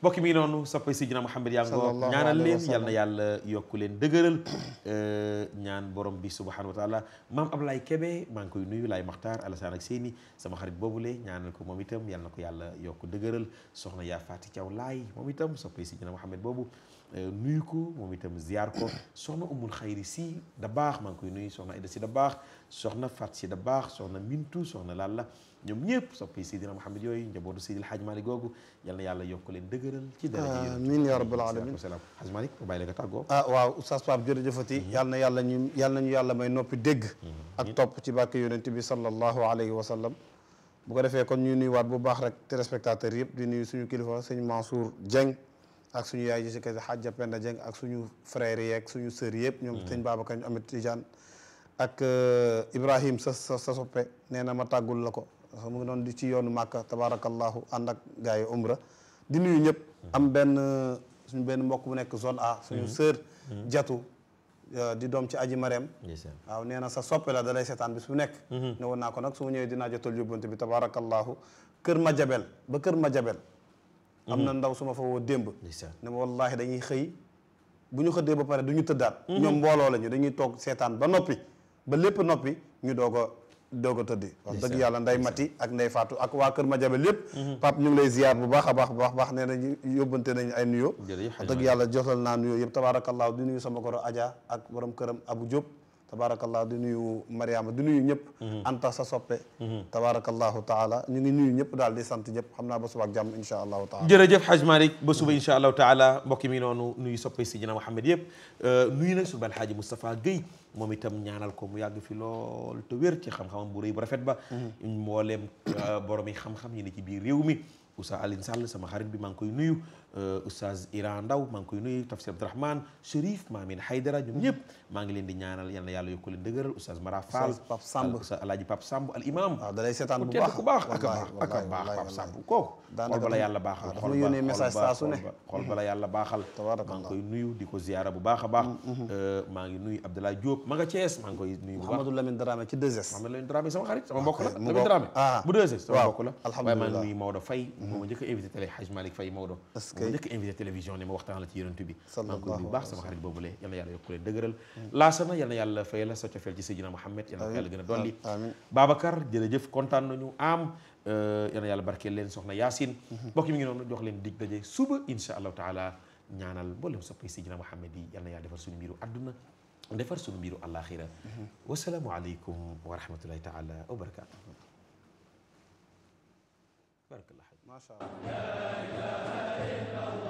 mbokk mii noonu soppay Sidina Muhammad yaa ngoo ñaanal leen yal na yàlla yokk leen dëgëral euh, ñaan borom bi subhanahu wa taala maam Ablaye Kebe maa ngi koy nuyu Laay Maxtaar Alassane ak Seyni sama xarit boobu boobule ñaanal ko moom itam yal na ko yàlla yokku dëgëral soxna yaa Faati Caw Laay moom itam soppay Sidina Muhammad boobu euh, nuyu ko moom itam ziar ko soxna umul xayri si da baax maa ngi koy nuyu soxna Aida si da baax soxna Faat si da baax soxna Mintu soxna laal la ñoom ñëpp soppi Seydina Muhammad yooyu njabootu Seydil Hadj Malick googu yal na yàlla yokk leen dëgëral ci dara amiin yaa rabbal alamin salaam Hadj Malick bàyyi la nga tàggoo ah waaw Oustaz Pape jërëjëfati mhm. yal na yàlla ñu yal nañu yàlla may noppi dégg mhm. ak topp ci bàkk yonent bi sallallahu alayhi wa sallam bu ko defee kon ñu nuyuwaat bu baax rek téléspectateurs yëpp di nuyu suñu kilifa sëñ Mansour Dieng ak suñu yaay ji si kër Hadja Penda Dieng ak suñu frères yeeg suñu sœurs yëpp ñoom mhm. sëñ Babacar ñu amit Tidiane ak euh, Ibrahim sa sa soppe nee na ma tàggul la ko mu ngi doon di ci yoonu màkka tabarakallahu ànd ak gars yi umra di nuyu ñëpp am benn uh, suñu mbokk bu nekk zone A suñu mm-hmm. Mm-hmm. jatu uh, di doom ci aji mareem waaw nee na sa soppe la da lay seetaan bis bu nekk mm-hmm. ne woon naa ko nag su ma ñëwee dinaa jotal yóbbante kër ma jabel ba kër ma jabel na ndaw su ma fa woo démb ne ma dañuy xëy bu ñu xëddee ba pare du ñu tëddaat ñoom mbooloo la ñu dañuy toog seetaan ba noppi ba lépp noppi ñu doog a doog a tëdd wax dëgg yàlla nday mati ak nday faatu ak waa kër ma jabel yëpp mhm. pap ñu ngi lay ziar bu baax a baax baax baax nee nañu yóbbante nañu ay nuyo wax dëgg yàlla jotal naa nuyo yëpp tabaarakallaahu di nuyu sama goro Adja ak borom këram Abu Diop tabaarakallaahu di nuyu Mariama di nuyu ñëpp mhm. anta sa soppe mhm. tabaarakallaahu taala ñu ngi nuyu ñëpp daal di sant ñëpp xam naa ba suba ak jàmm insha allahu taala jërëjëf Haj Malick ba suba insha allahu taala mbokki yëpp nuyu euh, nañ suñu Alhaaji Moustapha moom itam ñaanal ko mu yàgg fi lool te wér ci xam-xamam bu rëy bu rafet ba mm-hmm. mbooleem euh, borom yi xam-xam yi ne ci biir réew mi Oustaz Alioune Sall sama xarit bi maa ngi koy nuyu oustaz eh, Iran Ndaw maa ngi koy nuyu tafsir Abdourahmane Chérif Mamine Haydara ñoom ñëpp maa ngi leen di ñaanal yal na yàlla yokk leen dëgëral oustaz Mara Fall Pape Samb alaaji Pape Samb al imam waaw da lay seetaan bu baax ku baax ak baax ak baax Pape Samb kooku xool bala yàlla baaxal dafa yónnee message saa su ne xool bala yàlla baaxal maa ngi koy nuyu di ko ziyaara bu baax a baax mm, mm, mm. Eh, maa ngi nuyu Abdoulaye Diop ma nga Thiès maa ngi koy nuyu bu baax Mamadou Lamine Dramé ci 2S Mamadou Lamine Dramé sama xarit sama ah, mbokk la Lamine Dramé ah. bu 2S sama mbokk la waaye maa ngi nuyu Maodo Faye moo ma mm-hmm. njëkk a invité télé Hadj Malick Faye Maodo kay mu njëkk invité télévision ni ma waxtaan la ci yonent bi maa ngi koy bu baax sama xarit boobule yal na yàlla yokkulee dëgëral mm. laasana yal na yàlla fay la sa cofeel ci Seydina Mouhamed yal na ko yàlla gën euh, yal na yàlla barkeel leen soxna Yaasin mm-hmm. mbokk mi ngi noonu jox leen dig daje suba insha allahu taala ñaanal mboolem soppay Seydina Mouhamed yi yal na yàlla defar suñu mbiru àdduna defar suñu mbiru àllaaxira mm-hmm. wasalaamu aleykum wa rahmatullahi taala wa barakaatu macha allah